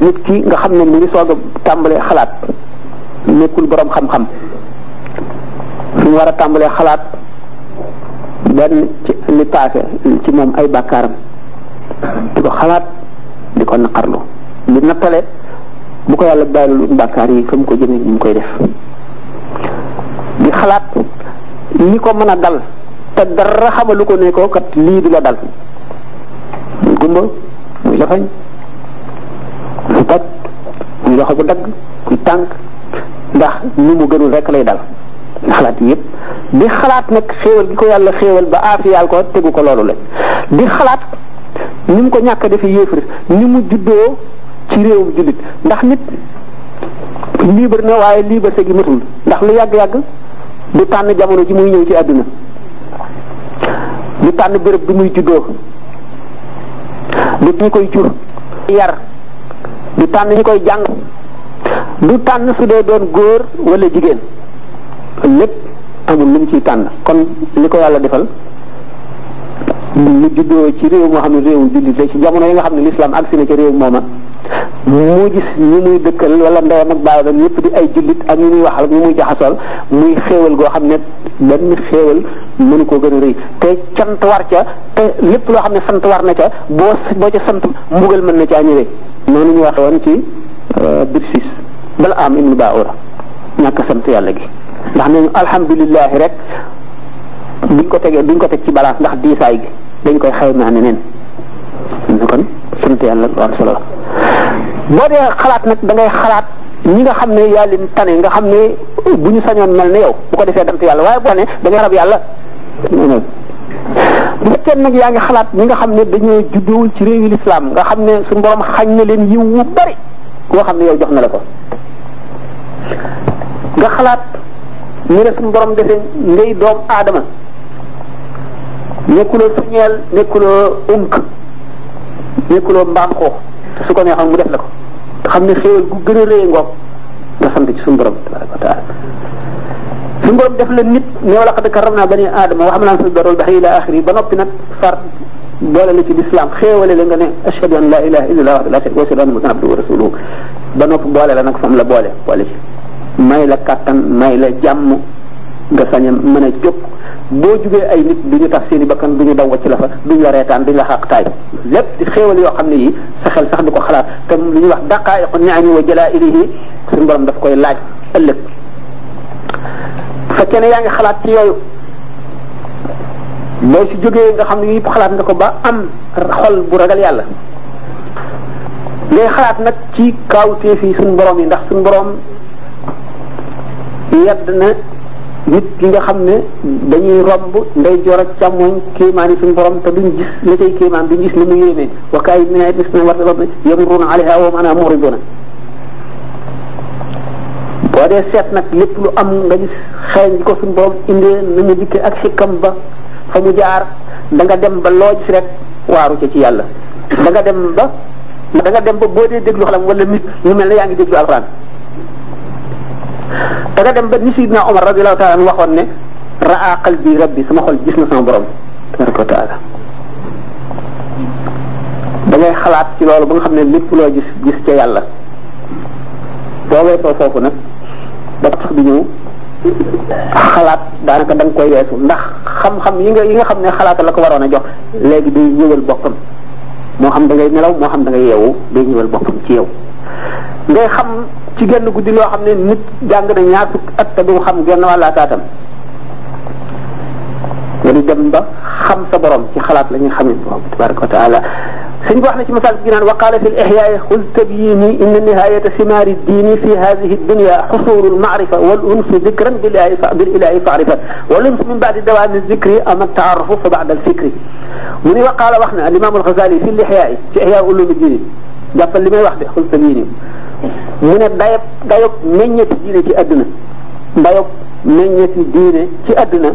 Speaker 1: nit ki nga xam ne mu ngi soog a tàmbalee xalaat nekkul borom xam-xam fi mu war a tàmbalee xalaat benn ci li paase ci moom ay bàkkaaram di ko xalaat di ko naqarlu li nattale bu ko yàlla bàyyilul bàkkaar yi fa mu ko jëmee ni mu koy def di xalaat li ko mën a dal te dara xamalu ko ne ko kat lii du la dal muy gumba muy lafañ muy toj muy loxo bu dagg muy tànk ndax ni mu gënul rek lay dal xalaat yépp di xalaat nag xéewal gi ko yàlla xéewal ba aafiyaal ko tegu ko loolu la di xalaat ni mu ko ñàkk def defee yéefar ni mu juddoo ci réewum jullit ndax nit libre na waaye liberté gi matul ndax lu yàgg-yàgg du tànn jamono ji muy ñëw ci àdduna du tànn bërëb bi muy juddoo du kii koy jur yar du tànn ñi koy jàng du tànn su dee doon góor walla jigéen lépp amul lu mu ciy tànn kon li ko yàlla defal lu juddoo ci réew moo xam ne réewum jullit la ci jamono yi nga xam ne lislaam agsi na ca réew mooma
Speaker 2: mu gis
Speaker 1: ñu muy dëkkal wala ndeyam ak baayam ñëpp di ay jullit ak ñu muy waxal ak ñi muy jaxasool muy xéewal goo xam ne benn xéewal mënu koo gën a rëy te sant war ca te lépp loo xam ne sant war na ca boo boo ca sant mbugal mën na caa ñëwee. noonu ñu waxe woon ci euh, bir siis am ibnu baawura ñàkk sant yàlla gi ndax nañu alhamdulilahi rek duñ ko tegee duñ ko teg ci balance ndax diisaay gi dañ koy xaymaa ne neen kon sant yàlla lu am solo boo dee xalaat nag dangay xalaat ñi nga xam ne yaa leen tane nga xam ne bu ñu sañoon mel ne yow bu ko defee dant yàlla waaye boo ne da xarab yàlla bu fekkee nag yaa ngi xalaat ñi nga xam ne dañoo juddowul ci réew réewi lislaam nga xam ne su borom xañ na leen yiw wu bari koo xam ne yow jox na la ko nga xalaat ñu ne suñu borom defee ngay doom aadama nekkuloo suñeel nekkuloo unk nekkuloo mbaam xoox su ko neexoon mu def la ko xam ne xéewal gu gën a rëy ngoog nga sant ci suñu borom tabaraka wa taala suñu borom def la nit ne wala xad karam naa bani aadama wax naa suñu borom dax ila axiri ba noppi nag far boole la ci lislaam xéewale la nga ne ashhadu an la ilaha illallah wahdahu la sharika lahu wa ashhadu anna muhammadan abduhu wa rasuluhu ba noppi boole la nag fam la boole boole ci may la kàttan may la jàmm nga sañ a mën a jóg boo jugee ay nit du ñu tax seen i bakkan bu ñu daw wacc la fa du ñu la reetaan du ñu la xaqtaay lépp di xéewal yoo xam ne yi sa xel sax du ko xalaat te lu ñuy wax daqaayiqu ni'ami wa jalaa'ilihi suñu borom daf koy laaj ëllëg bu yaa ngi xalaat ci yooyu loo si jógee nga xam ne yëpp xalaat nga ko ba am xol bu ragal yàlla ngay xalaat nag ci kaawteef yi suñ borom yi ndax suñu borom yedd na nit ki nga xam ne dañuy romb ndey joor ak càmmoñ kéemaani suñu borom te duñ gis la cay kéemaan duñ gis ni mu yéeme wa kaay min ayatin isna war sabab ne yamruuna alayha wa hum anha muriduna boo dee seet nag lépp lu am nga gis xeeñ ko suñ borom indee ni mu dikkee ak xikkam ba fa mu jaar da nga dem ba loo gis rek waaru ca ci yàlla da dem ba da nga dem ba boo dee déglu xalam wala nit ñu mel ne yaa ngi déglu alxuraan da dem ba ni Sidna Omar radiyallahu taala anhu waxoon ne raa qalbi rabbi sama xol gis na sama borom xalaat ci loolu ba nga xam ne lépp loo gis gis ca yàlla boo weesoo foofu nag ba tax bi ñëw xalaat daanaka da koy weesu ndax xam-xam yi nga yi nga xam ne xalaat la ko waroon a jox léegi day ñëwal boppam moo xam dangay ngay nelaw moo xam da ngay yeewu day ñëwal boppam ci yow ngay xam ci genn guddi loo xam ne nit jàng na ñaar fukki at te du xam genn wàlla saatam dañu dem ba xam sa borom ci xalaat la ñuy xamit boobu tabaraka wa taala sëñ bi wax na ci masal bi naan wa qaala fi l ixyaai xuz tabyini inna nihayata simaari diini fi hadihi dunia xusuru lmarifa wal unsu dikran bilahi fa bil ilahi faarifa wal unsu min baadi dawaami zikri ama taarufu fa baada alfikri mu ni wa qaala wax na alimaam alxasali fi l ixyaai ci ixyaa ulumi diini jàppal li may wax de xuz tabyini mu ne dayob dayob meññeeti diine ci àdduna dayob meññeeti diine ci àdduna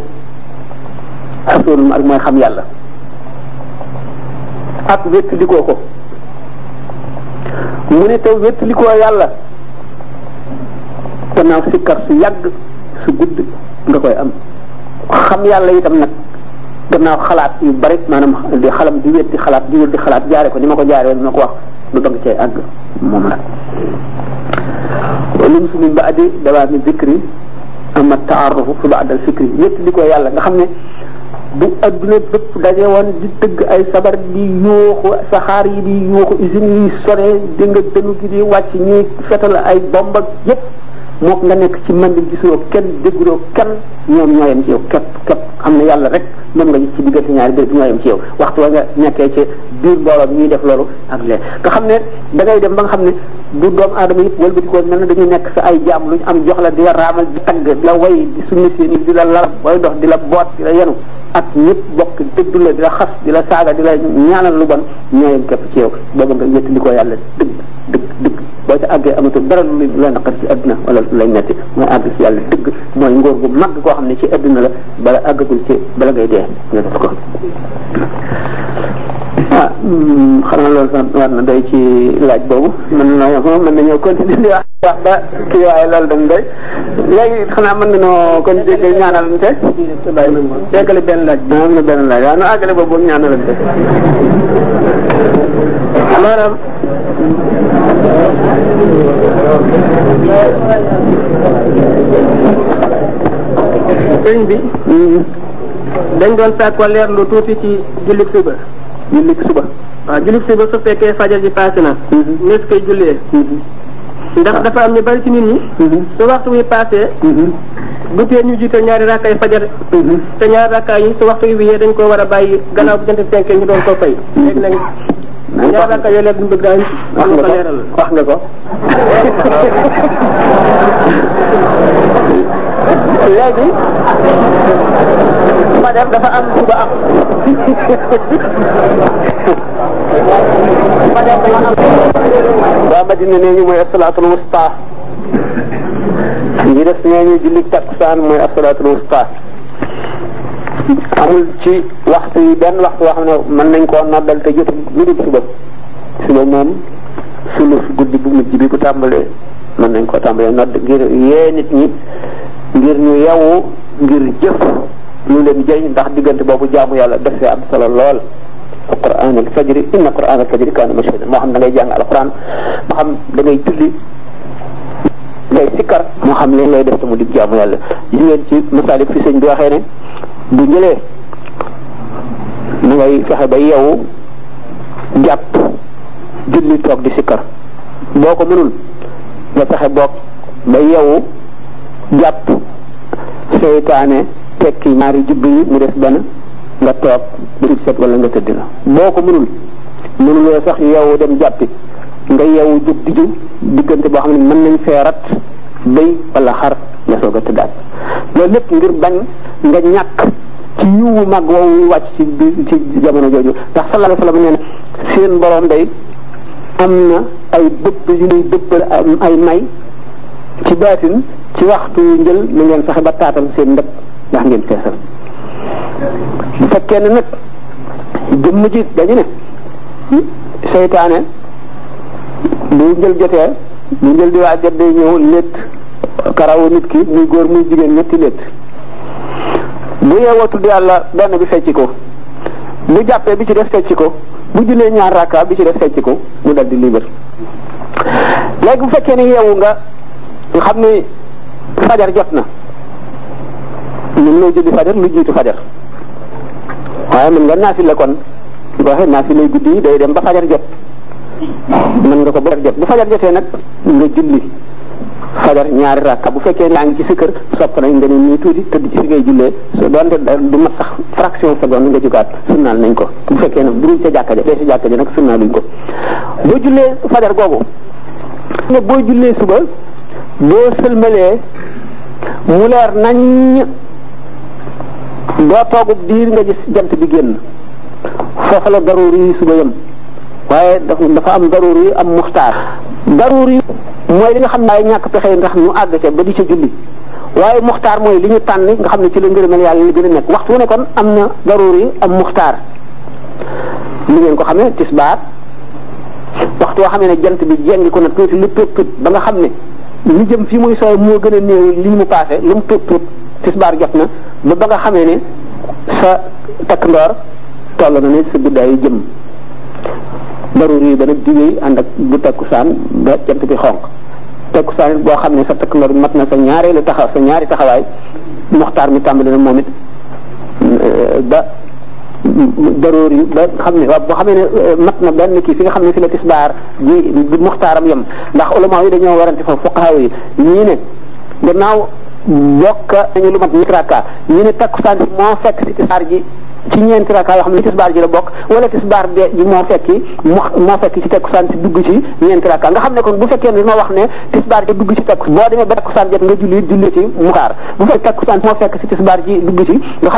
Speaker 1: asoolum ak mooy xam yàlla ak wéttalikoo ko mu ne te wéttalikoo yàlla gannaaw sikkar su yàgg su gudd nga koy am xam yàlla itam nag gannaaw xalaat yu bari maanaam di xalam di wétti xalaat di wétti xalaat jaare ko li ma ko jaare ni ma ko wax du dog cay àgg moom la ta'allum min ba'di dawaami zikri amma ta'arrufu fi ba'da al-fikri yépp di koy yàlla nga xam ne bu adduna bépp daje wan di tëgg ay sabar di yooxu saxaar yi di yooxu usines yi sore di nga dënu gi di wàcc ñuy fetal ay bomb ak yépp nga nekk ci mandi gisuloo kenn dégguloo kenn ñoom ñoo yem ci yow képp képp am na yàlla rek moom nga gis ci diggante ñaari béréb ñoo yem ci yow waxtu wa nga nekkee ci biir mbooloo ñuy def loolu ak lee nga xam ne da dem ba nga xam ne du doomu aadama yëpp wëlbatikoo mel na dañu nekk sa ay jaam lu ñu am jox la di la raamal di tagg di la way di summi seen di la larab booy dox di la boot di la yenu ak ñëpp bokk dëddu la di la xas di la saaga di la ñaanal lu bon ñooyam képp ci yow booba nga wéttandikoo yàlla dëgg dëgg dëgg boo ca àggee amatul dara lu la naqar ci àdduna wala lu lay metti mooy àgg ci yàlla dëgg mooy ngóor gu mag koo xam ne ci àdduna la bala àggagul ci bala ngay dee nga def ko ah hmm, xam nga loolu sax war na doy ci laaj boobu mën na mën nañoo continuer di wax wax ba kii waaye loolu dañ doy léegi xanaa mën nañoo continuer di ñaanalante. yeggale benn laaj bi am na benn laaj waaw nu àggale boobu ñaanalante. alors. bi. Hmm. dañ doon sàkk leer lu tuuti ci jullit suba. julli suba. waaw julli suba su fekkee fajar ji paase na. Mm-hmm. nees koy jullee. Mm-hmm. ndax ah. dafa am ñu bari ci nit ñi. Mm-hmm. su waxtu wi paasee. bu tee ñu jiite ñaari raakaay fajar. te ñaari raakaay yi su waxtu wi wiyee dañ koo war a bàyyi gannaaw bu jant fenkee ñu doon ko fay. léegi nag ñaari raakaay yooyu la duñ bëgg daañu. wax nga ko wax nga ko.
Speaker 2: léegi su ma def dafa am suba am su ma def dafa
Speaker 1: am. waa Madina nee ñu mooy asalaatul wusta ñi def nee ñu julli takkusaan mooy asalaatul wusta amul ci waxtu yi benn waxtu wax ne mën nañ koo noddal te jotul lu dul suba suba moom sulus guddi bu mujj bi bu tàmbalee mën nañ koo tàmbalee nodd ngir yee nit ñi. ngir ñu yewu ngir jëf lu leen jëriñ ndax diggante boobu jaamu yàlla def fee am solo lool alquran alfajri inna quran alfajri kaana mashhuda moo xam da ngay jàng alquran moo xam da ngay julli ngay sikkar moo xam leen lay def te mu dig jaamu yàlla li ci masaalik fi sëñ bi waxee ne bu njëlee na ngay fexe ba yewu jàpp julli toog di sikkar boo ko mënul nga fexe boog ba yewu jàpp seytaane tekki ñaari jubb yi mu def benn nga toog bërib set wala nga tëdd na boo ko mënul mënuloo sax yow dem jàppi nga yow jub diggante boo xam ne mën nañ feerat béy wala xar nga soog a tëddaat loolu lépp ngir bañ nga ñàkk ci yiwu mag woowu wàcc ci biir ci jamono jooju ndax sallallahu alayhi wasallam nee na seen borom day am na ay dëpp yu ñuy dëppal ay may ci baatin ci waxtu njël na ngeen fexe ba taatal seen ndëpp ndax ngeen feesal bu fekkee ne nag jëmm ji dañu ne hmm, seytaane bu njël jotee bu jël di waa jot day ñëw létt karawu nit ki muy góor muy jigéen ñetti létt bu yeewoo tudd yàlla benn bi fecci ko bu jàppee bi ci def fecci ko bu jullee ñaar rakka bi ci def fecci ko mu dal di libre léegi bu fekkee ne yeewu nga nga xam ni fajar jot na mën noo julli fajar lu jiitu fajar waaye mën nga naafile kon su ko waxee naafile guddi yi day dem ba fajar jot mën nga ko ba fajar jot bu fajar jotee nag nga julli fajar ñaari rakka bu fekkee yaa ngi ci sa kër sopp nañ nga nii tuuti tëdd ci fi ngay jullee so doonte du mat sax fraction seconde nga jugaat sunnaal nañ ko bu fekkee nag bu dul ca jàkka ja dee ca jàkka ja nag ko boo fajar googu nga boo jullee suba boo sëlmalee mu leer naññ doo toogub diir nga gis jant bi génn foofa la daruur yi suba yem waaye dafa am daruur yi am muxtaar daruur yi mooy li nga xam naay ñàkk pexe ndax ñu àgg ca ba di ca julli waaye muxtaar mooy li ñu tànn nga xam ne ci la ngërëmal yàlla li gën a nekk waxtu ne kon am na daruur yi am muxtaar li ngeen ko xamee tisbaar waxtu woo xamee ne jant bi jengi ko na tuuti lu pépp ba nga xam ne li jëm fi muy sooy moo gën a néew li mu paase lu mu tuut tuut tisbaar jot na lu ba nga xamee ne sa takk ndoor toll na ne sa guddaayu jëm daruri yi dana diwéy ànd ak bu takkusaan ba jant bi xonq takkusaan it boo xam ne sa takk ndoor mat na sa ñaareelu taxaw sa ñaari taxawaay moxtaar mi tàmbali na moom it euh, ba daroor yi ba xam ne waaw boo xamee ne euh, mat na benn kii fi nga xam ne fi la tisbaar ji muxtaaram yem ndax ulama yi dañoo warante fa fuqaha yi ñii ne gannaaw yokk nañu lu mat ñetti rakka ñii ne takkusaan moo fekk si tisbaar ji ci ñeenti rakka yoo xam ne tisbaar ji la bokk wala tisbaar bee ji moo fekki moo fekki ci takkusaan si dugg ci ñeenti rakka nga xam ne kon bu fekkee ne li ma wax ne tisbaar ji dugg ci takku boo demee ba takkusaan jot nga julli julli ci mukaar xam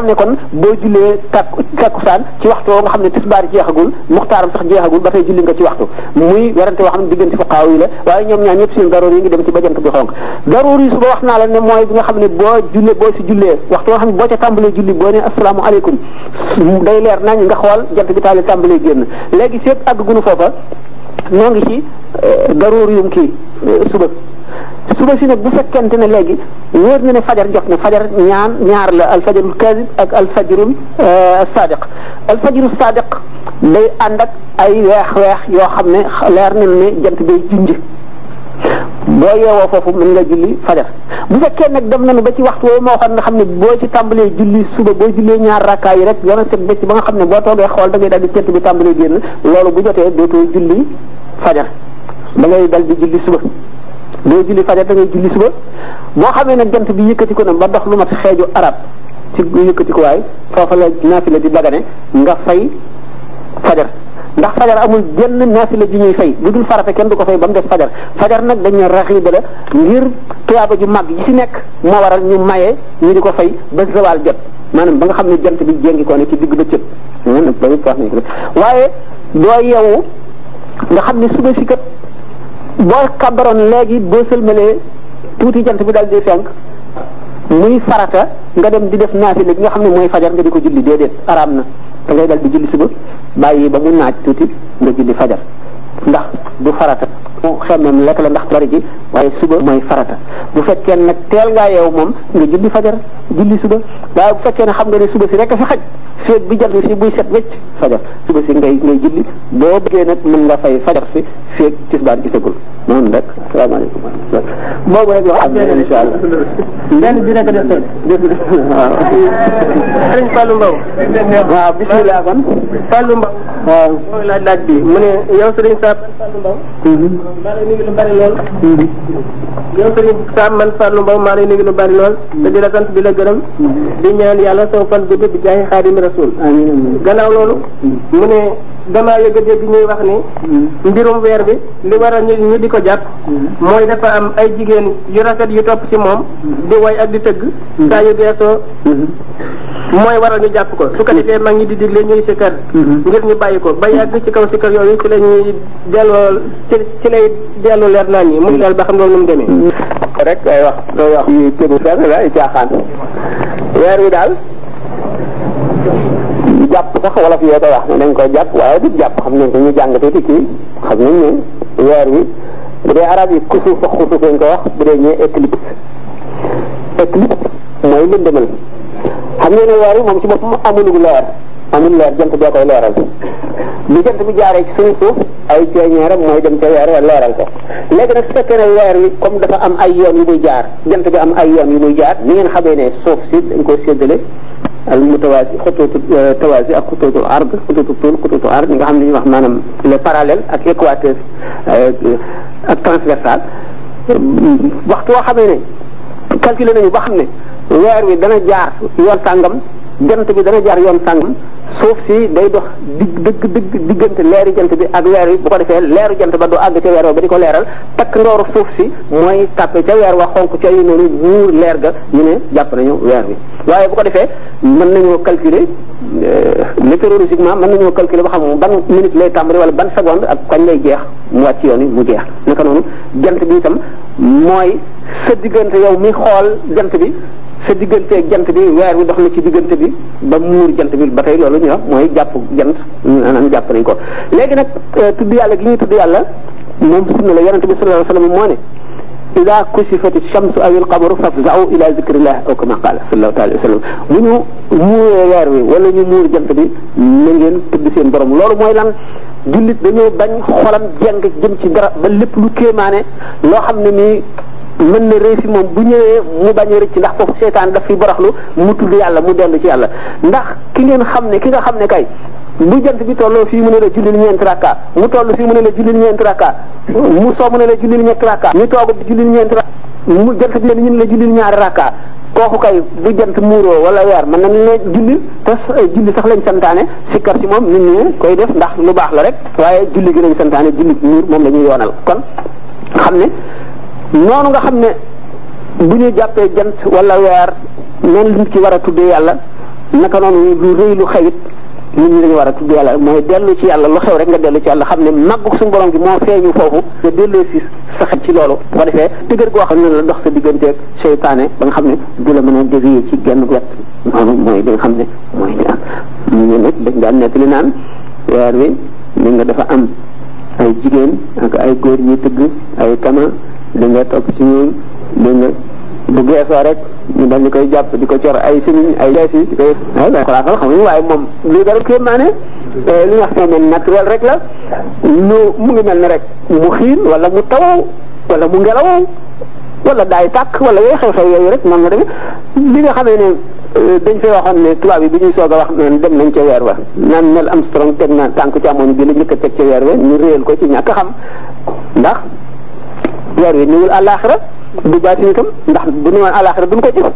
Speaker 1: ne kon boo jullee takku takkusaan ci xam ne tisbaar jeexagul muxtaaram sax jeexagul ba fay julli nga ci waxtu muy werante yoo xam ne diggante fuqaaw yi la waaye ñoom ñaar ñëpp seen daroor yi ngi dem ci ba jant bi xonk daroor yi suba wax naa la ne mooy nga xam ne boo jullee boo si jullee waxtu nga xam ne boo ca tàmbalee julli day leer nañ nga xool jant bi taal tàmbalee génn léegi seet àggunu foofa ñoo ngi ci euh, garoor yum kii euh, suba suba si nag bu fekkente ne léegi wóor na ne fajar jot na fajar ñaan ñaar la alfajarul kaasib ak alfajarul euh, saadiq alfajarul saadiq day ànd ak ay weex weex yoo xam ne leer nañ ne jant bay junj boo yeewoo foofu mën nga julli fajar bu fekkee nag dem nañu ba ci waxtu woowu moo xam ne xam ne boo ci tàmbalee julli suba boo jullee ñaar rakkaa yi rek yoona teg ba ba nga xam ne boo toogee xool da ngay daal di tent bi tàmbalee génn loolu bu jotee dootoo julli fajar da ngay dal di julli suba doo julli fajar da ngay julli suba boo xamee nag jant bi yëkkati ko na ba dox lu mat xeeju arab ci yëkkati ko waay foofa la naafila di dagane nga fay fajar ndax fajar amul genn naafila ju ñuy fay lu dul farata kenn du ko fay ba mu def fajar fajar nag dañ ne raxiba la ngir tuyaaba ju màgg ji ci nekk moo waral ñu maye ñu di ko fay ba zawaal jot maanaam ba nga xam ne jant bi jéngi ko ne ci digg bëccëg waaye doo yeewu xam ne suba si kat boo kabaroon léegi boo sëlmalee tuuti jant bi daal di fenk muy farata nga dem di def naafila bi nga xam ne mooy fajar nga di ko julli déedéet araam na da ngay dal di julli suba bàyyi ba mu naaj tuuti nga julli fajar ndax du farata mu xemmem lekk la ndax bari ji waaye suba mooy farata bu fekkee nag teel ngaa yeew moom nga julli fajar julli suba waaye bu fekkee ne xam nga ne suba si rek fi xaj feeg bi jant si buy set wécc fajar suba si ngay ngay julli boo bëggee nag mën nga fay fajar si feeg tisbaar gisagul noonu rek asalaamaaleykum wa rahmatulah. boobu rek wax am na incha allah. benn bi rek a def waaw. Serigne Fallou Mbow. waaw bisimilah kon. Fallou Mbow. waaw mooy laaj mu ne yow Serigne Sam man man Fallou Mbow mm-hmm. maa lay nuyu lu bari lool. Mm-hmm. Mm-hmm. te di la sant gërëm. di ñaan yàlla soo fan gudd di jaay Xaadimu Rasuul. gannaaw loolu mu ne. damaa yëg a dégg ñuy wax
Speaker 2: ni
Speaker 1: mbirum weer bi li waral ñu ñu di ko jàpp mooy dafa am ay jigéen yu rafet yu topp ci moom di woy ak di tëgg saa yu geesoo mooy waral ñu jàpp ko su ko defee mag ñi di digle ñuy sikkar ngir ñu bàyyi ko ba yàgg ci kaw sikkar yooyu ci la ñuy delloo ci ci lay dellu leer naan ñi mu daal ba xam loolu nu mu demee rek ay wax looy wax yu tegu fenn la ay caaxaan weer wi daal jàpp sax wala fi yee koy wax ne dañ koy jàpp waaye du jàpp xam nañ ko ñu jàng tuuti kii xam ne weer wi bu dee arab yi kusuuf ak xusuuf lañ ko wax bu dee ñee éclipse éclipse mooy lëndëmal xam ngeen ne weer wi moom ci boppam amul leer amul leer jant boo koy leeral li jant bi jaaree ci suñu suuf ay ceeñeeram mooy dem ca weer leeral ko léegi nag su fekkee ne comme dafa am ay yoon yu muy jaar jant bi am ay yoon yu muy jaar ni ngeen xamee ne suuf si dañ ko séddale al mutawaasi xutuutu euh, tawaasi ak xutuutul ard xutuutu tul xutuutu ard ñi nga xam ne ñu wax maanaam les parallèles ak équateur euh, ak transversal waxtu woo xamee ne calculé nañu ba xam ne weer wi dana jaar yoon sàngam jant bi dana jaar yoon sàngam suuf si day dox digg digg digg diggante leeri jant bi ak weer wi bu ko defee leeru jant ba du àgg ca weer wa ba di ko leeral takk ndooru suuf si mooy tàppe ca weer wa xonk ca yu noonu wuur leer ga ñu ne jàpp nañu weer bi waaye bu ko defee mën nañoo calculer euh, météorologiquement mën nañoo calculer ba xam ban minute lay tàmbali wala ban seconde ak kañ lay jeex mu wàcc yoon yi mu jeex naka noonu jant bi itam mooy sa diggante yow mi xool jant bi sa digganteeg jant bi weer bi dox na ci diggante bi ba muur jant bi ba tey loolu ñu wax mooy jàpp jant maanaam jàpp nañ ko léegi nag euh, tudd yàlla gi ñuy tudd yàlla moom sunna la yonente bi sallallahu alayhi wasallam moo ne ida kusifati shamsu awil qamaru fafza'u ila zikrillah aw kama qala sallallahu alayhi wasallam bu ñu muuree weer bi wala ñu muur jant bi na ngeen tudd seen borom loolu mooy lan jullit dañoo bañ xolam jeng jëm ci dara ba lépp lu kéemaane loo xam ne nii mën na réy fi moom bu ñëwee mu bañ a ci ndax foofu seetaan daf fi baraxlu mu tudd yàlla mu dellu ci yàlla ndax ki ngeen xam ne ki nga xam ne kay bu jant bi tolloo fii mu ne la jullil ñeenti rakka mu toll fii mu ne la jullil ñeenti rakka mu soo mu ne la jullil ñetti rakka ñu toog jullil ñeenti rakka mu jant bi ne ñun la jullil ñaari rakka kooku kay bu jant muuroo wala weer mën nañ la julli te eh, julli sax lañ santaane sikkar si moom nit ñi koy def ndax lu baax la rek waaye julli gi lañ santaane julli muur moom la ñuy yoonal kon xam ne noonu nga xam ne bu ñuy jàppee jant wala weer noonu liñ ci war a tuddee yàlla naka noonu lu rëy lu xewit nit ñi lañu war a tuddee yàlla mooy dellu ci yàlla lu rek nga dellu ci yàlla xam ne màggug suñu borom bi moo feeñu foofu nga delloo si saxat ci loolu bu ko defee dëgër goo xam ne la dox sa digganteeg ba nga xam ne du la mën a dévier ci genn wet mooy li xam ne mooy li
Speaker 2: am ñu
Speaker 1: nag dañ daan nekk nga dafa am ay jigéen ak ay góor ñuy tëgg ay kama dégg nga topp ci ñun dégg nga bu geesoo rek ñu dal di koy jàpp di ko cor ay simiñ ay gees yi di koy waaye moom lii dara kéem naa ne eh, li nga xam ne rek la mu ngi mel ne rek mu xiin wala mu tawaw wala mu ngelawaw wala daay tàkk wala yooyu xew-xew yooyu rek noonu la demee li nga xamee ne eh, dañ fee waxoon ne tubaab yi bi ñuy soog a wax naan dem nañ ca weer wa naan Neil Armstrong teg na tànk càmmoñ bi la njëkk a teg ca weer wa ñu réel ko ci ñàkk xam ndax weer wi niwul àllaaxira du baatin itam ndax bu niwoon àllaaxira duñ koy gis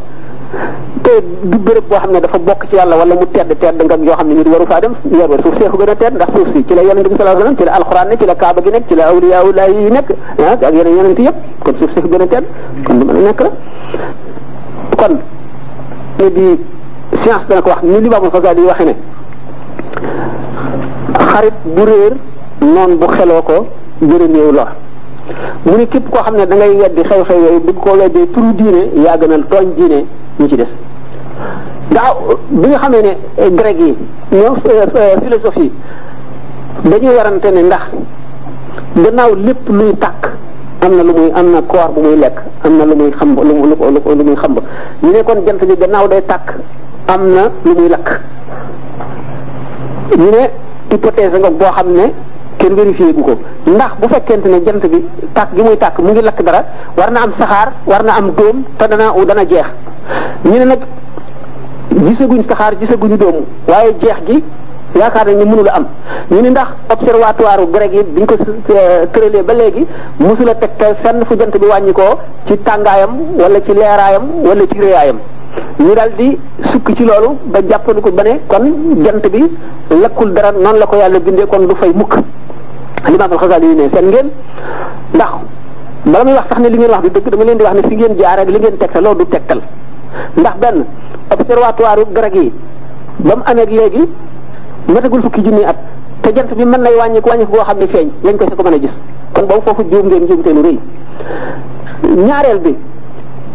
Speaker 1: te du béréb boo xam ne dafa bokk ci yàlla wala mu tedd tedd nga yoo xam ne nit waru faa dem wa suuf see ko gën a tedd ndax suuf si ci la yonente bi sallallahu alayhi wasallam ci la alxuraan ne ci la kaaba gi nekk ci la awliyaa nekk ah, ak yeneen yonente yëpp kon suuf see ko a tedd kon lu mën a nekk la kon ne di science dana ko wax ni limaamul Fasaali yi waxee ne xarit bu réer noonu xeloo ko jërëñeew lor mu ne képp koo xam ne da ngay weddi xew-xew yooyu bëgg koo weddee turu diine yaa gënal tooñ diine ñu ci def nga bi nga xamee ne eh, grec yi ñoom eh, eh, philosophie dañuy warante ne ndax gannaaw lépp luy tàkk am na lu muy am na koor bu muy lekk am na lu muy xamb lu mu lu muy xamb ñu ne kon jant bi gannaaw day tàkk am na lu muy lakk ñu ne hypothèse nga boo xam ne kenn vérifié bu ko ndax bu fekkente ne jant bi tàkk gi muy tàkk mu ngi lakk dara war na am saxaar war na am dóom te dana dana jeex ñu ne nag gisaguñ saxaar gisaguñ dóomu waaye jeex gi yaakaar na ne mënula am ñu ni ndax observatoire grec yi biñ ko eh, tëralee ba léegi mosula teg fenn fu jant bi wàññi ko ci tàngaayam wala ci leeraayam wala ci réyaayam ñu daal di sukk ci loolu ba jàppandiku ba ne kon jant bi lakkul dara noonu la ko yàlla bindee kon du fay Imaam al-Xasaali yu ne seen ngeen ndax bala muy wax sax ne li ngeen wax du dëgg dama leen di wax ne fi ngeen jaar ak li ngeen tegtal loolu du tegtal ndax benn observatoire garag yi ba mu amee léegi matagul fukki junni at te jant bi mën nay wàññiku wàññiku boo xam ne feeñ lañ koy sa ko mën a gis kon boobu foofu juum ngeen juum teenu rëy ñaareel bi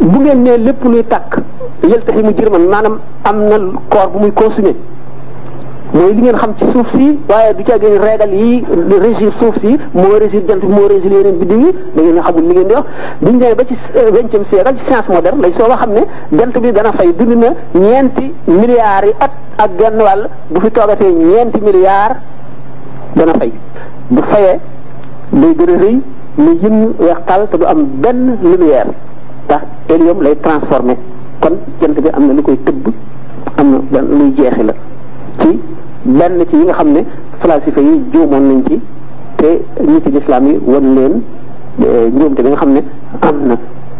Speaker 1: bu ngeen nee lépp luy tàkk yël tax yi mu jërman maanaam am na koor bu muy consommer mooy li ngeen xam ci suuf si waaye du ca gën régal yi régir suuf si moo régir jant bi moo régir yeneen biddiw yi da ngeen xamul li ngeen di wax bu ñu ba ci vingtième siècle ci science moderne lañ soo xam ne jant bi dana fay dund na ñeenti milliards yi at ak genn wàll bu fi toogatee ñeenti milliards dana fay bu fayee day gën a rëy lu yënn weex tal te du am benn lumière ndax hélium lay transformé kon jant bi am na lu koy tëbb am na luy jeexi la ci lenn ci yi nga xam ne falasifa yi juumoon nañ ci te ñi ci lislaam yi wan leen eh, njuumte bi nga xam ne am na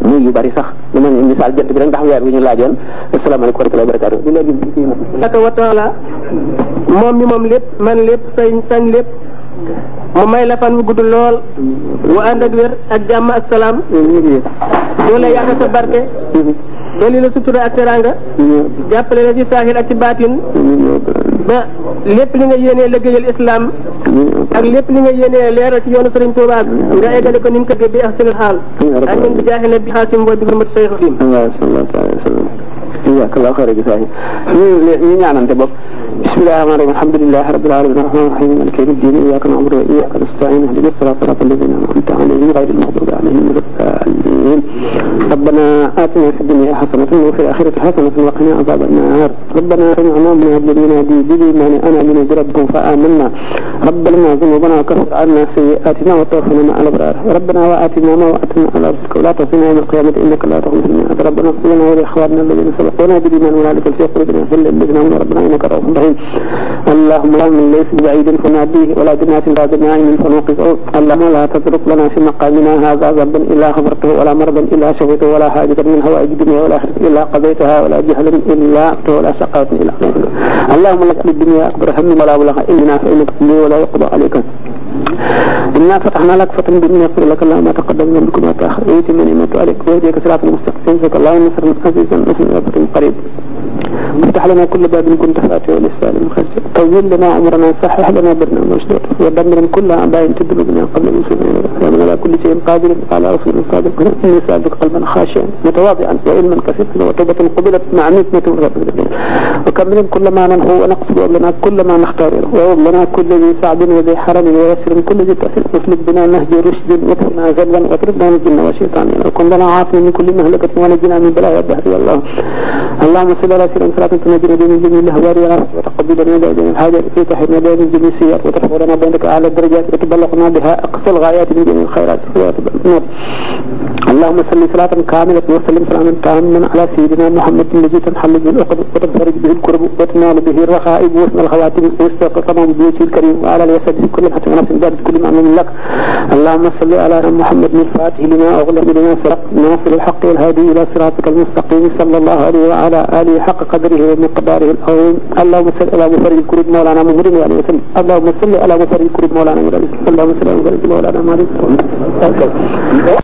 Speaker 1: muy yu bari sax lu mel ni misaal jant bi rek ndax weer wi ñu laajoon asalaamaaleykum wa rahmatulah wa barakaatu bi léegi ci saka wa taala moom mi moom lépp man lépp sañ sañ lépp mu may la fan mu gudd lool mu ànd ak wér ak jàmm ak salaam doo la sa barke mm-hmm. dolli la sutura ak teranga jàppale la ci saahir ak ci baatin ba lépp li nga yéenee liggéeyal islam ak lépp li nga yéenee leeral ci yoonu Sëriñ Tuubaa nga eggale ko ni mu ko gëbbee ak seen xaal amin bi jaahi nabi xaasim wa bi hurmati Seex Xaadim jazakallahu xayran jazaahi ñu ñaanante bopp bismillahi rahmaani rahiim alhamdulillahi rabbil aalamiin arrahmaani rahiim maaliki yawmi ddiin iyyaaka na'budu wa iyyaaka nasta'iin ihdinas siraata allazina an'amta alayhim ghayril maghduubi alayhim wa lad-daalliin العالمين ربنا آتنا في الدنيا حسنة وفي الآخرة حسنة وقنا عذاب النار ربنا سمعنا من هب لنا بإيمان أنا من بربكم فآمنا ربنا ذنوبنا وكفر عنا سيئاتنا وتوفنا مع الأبرار ربنا وآتنا ما وعدتنا على رسلك ولا تعصنا يوم القيامة إنك لا تغفر لنا ربنا اغفر لنا ولإخواننا الذين سبقونا بالإيمان ولا تجعل في قلوبنا غلا لنا ربنا إنك رؤوف رحيم اللهم لا من ليس بعيد فناديه ولا جنات بعد نائم فنوقظه اللهم لا تترك لنا في مقامنا هذا ذنبا الا غفرته ولا مرضا الا شفيته ولا حاجة من حوائج الدنيا ولا حرج الا قضيتها ولا جهلا الا ولا سقاوة الا قضيتها اللهم لك الدنيا اكبر هم ولا بلغ علمنا فانك لي ولا يقضى عليك إنا فتحنا لك فتحا بإذن يغفر لك الله ما تقدم من ذنبك وما تأخر ويتم نعمته عليك ويهديك صراطا مستقيما صراط الله نصرا عزيزا نصرا قريب وافتح لنا كل باب كنت فاتحه للسالم خرجه طول لنا عمرنا صحح لنا برنا مشدود ودمر كل اعداء تدل بنا قبل مسلمين يا من على كل شيء قادر قال رسول صادق اني سالتك قلبا خاشعا متواضعا وعلما كثيرا وتوبه قبلت مع نسمه وكمل كل ما ننهو ونقصد لنا كل ما نختار لنا كل ذي صعب وذي حرم ويسر كل ذي تأثير واسلك بنا نهج رشد واتركنا غلوا واطردنا من الجن والشيطان وكن لنا عافيا من كل مهلكه ونجنا من بلايا الدهر والله اللهم صل على سيدنا صلاة تنجينا بها من جميع الاهوال والافات وتقضي لنا بها جميع الحاجات وتطهرنا بها من جميع السيئات وترفع لنا بها عندك اعلى الدرجات وتبلغنا بها اقصى الغايات من جميع الخيرات اللهم صل صلاة كاملة وسلم سلاما تاما على سيدنا محمد الذي تنحل به العقد وتنفرج به الكرب وتنال به الرخائب وحسن الخواتم ويستحق تمام بيته الكريم وعلى اليسد كل حسن ونفس بعد كل معنى لك اللهم صل على محمد الفاتح لما أغلق لما سبق ناصر الحق والهادي إلى صراطك المستقيم صلى الله عليه وعلى آله حق قدره ومقداره العظيم اللهم صل على مفرج الكرب
Speaker 2: مولانا محمد عليه وسلم اللهم صل على مفرج الكرب مولانا محمد اللهم صل على مفرج مولانا محمد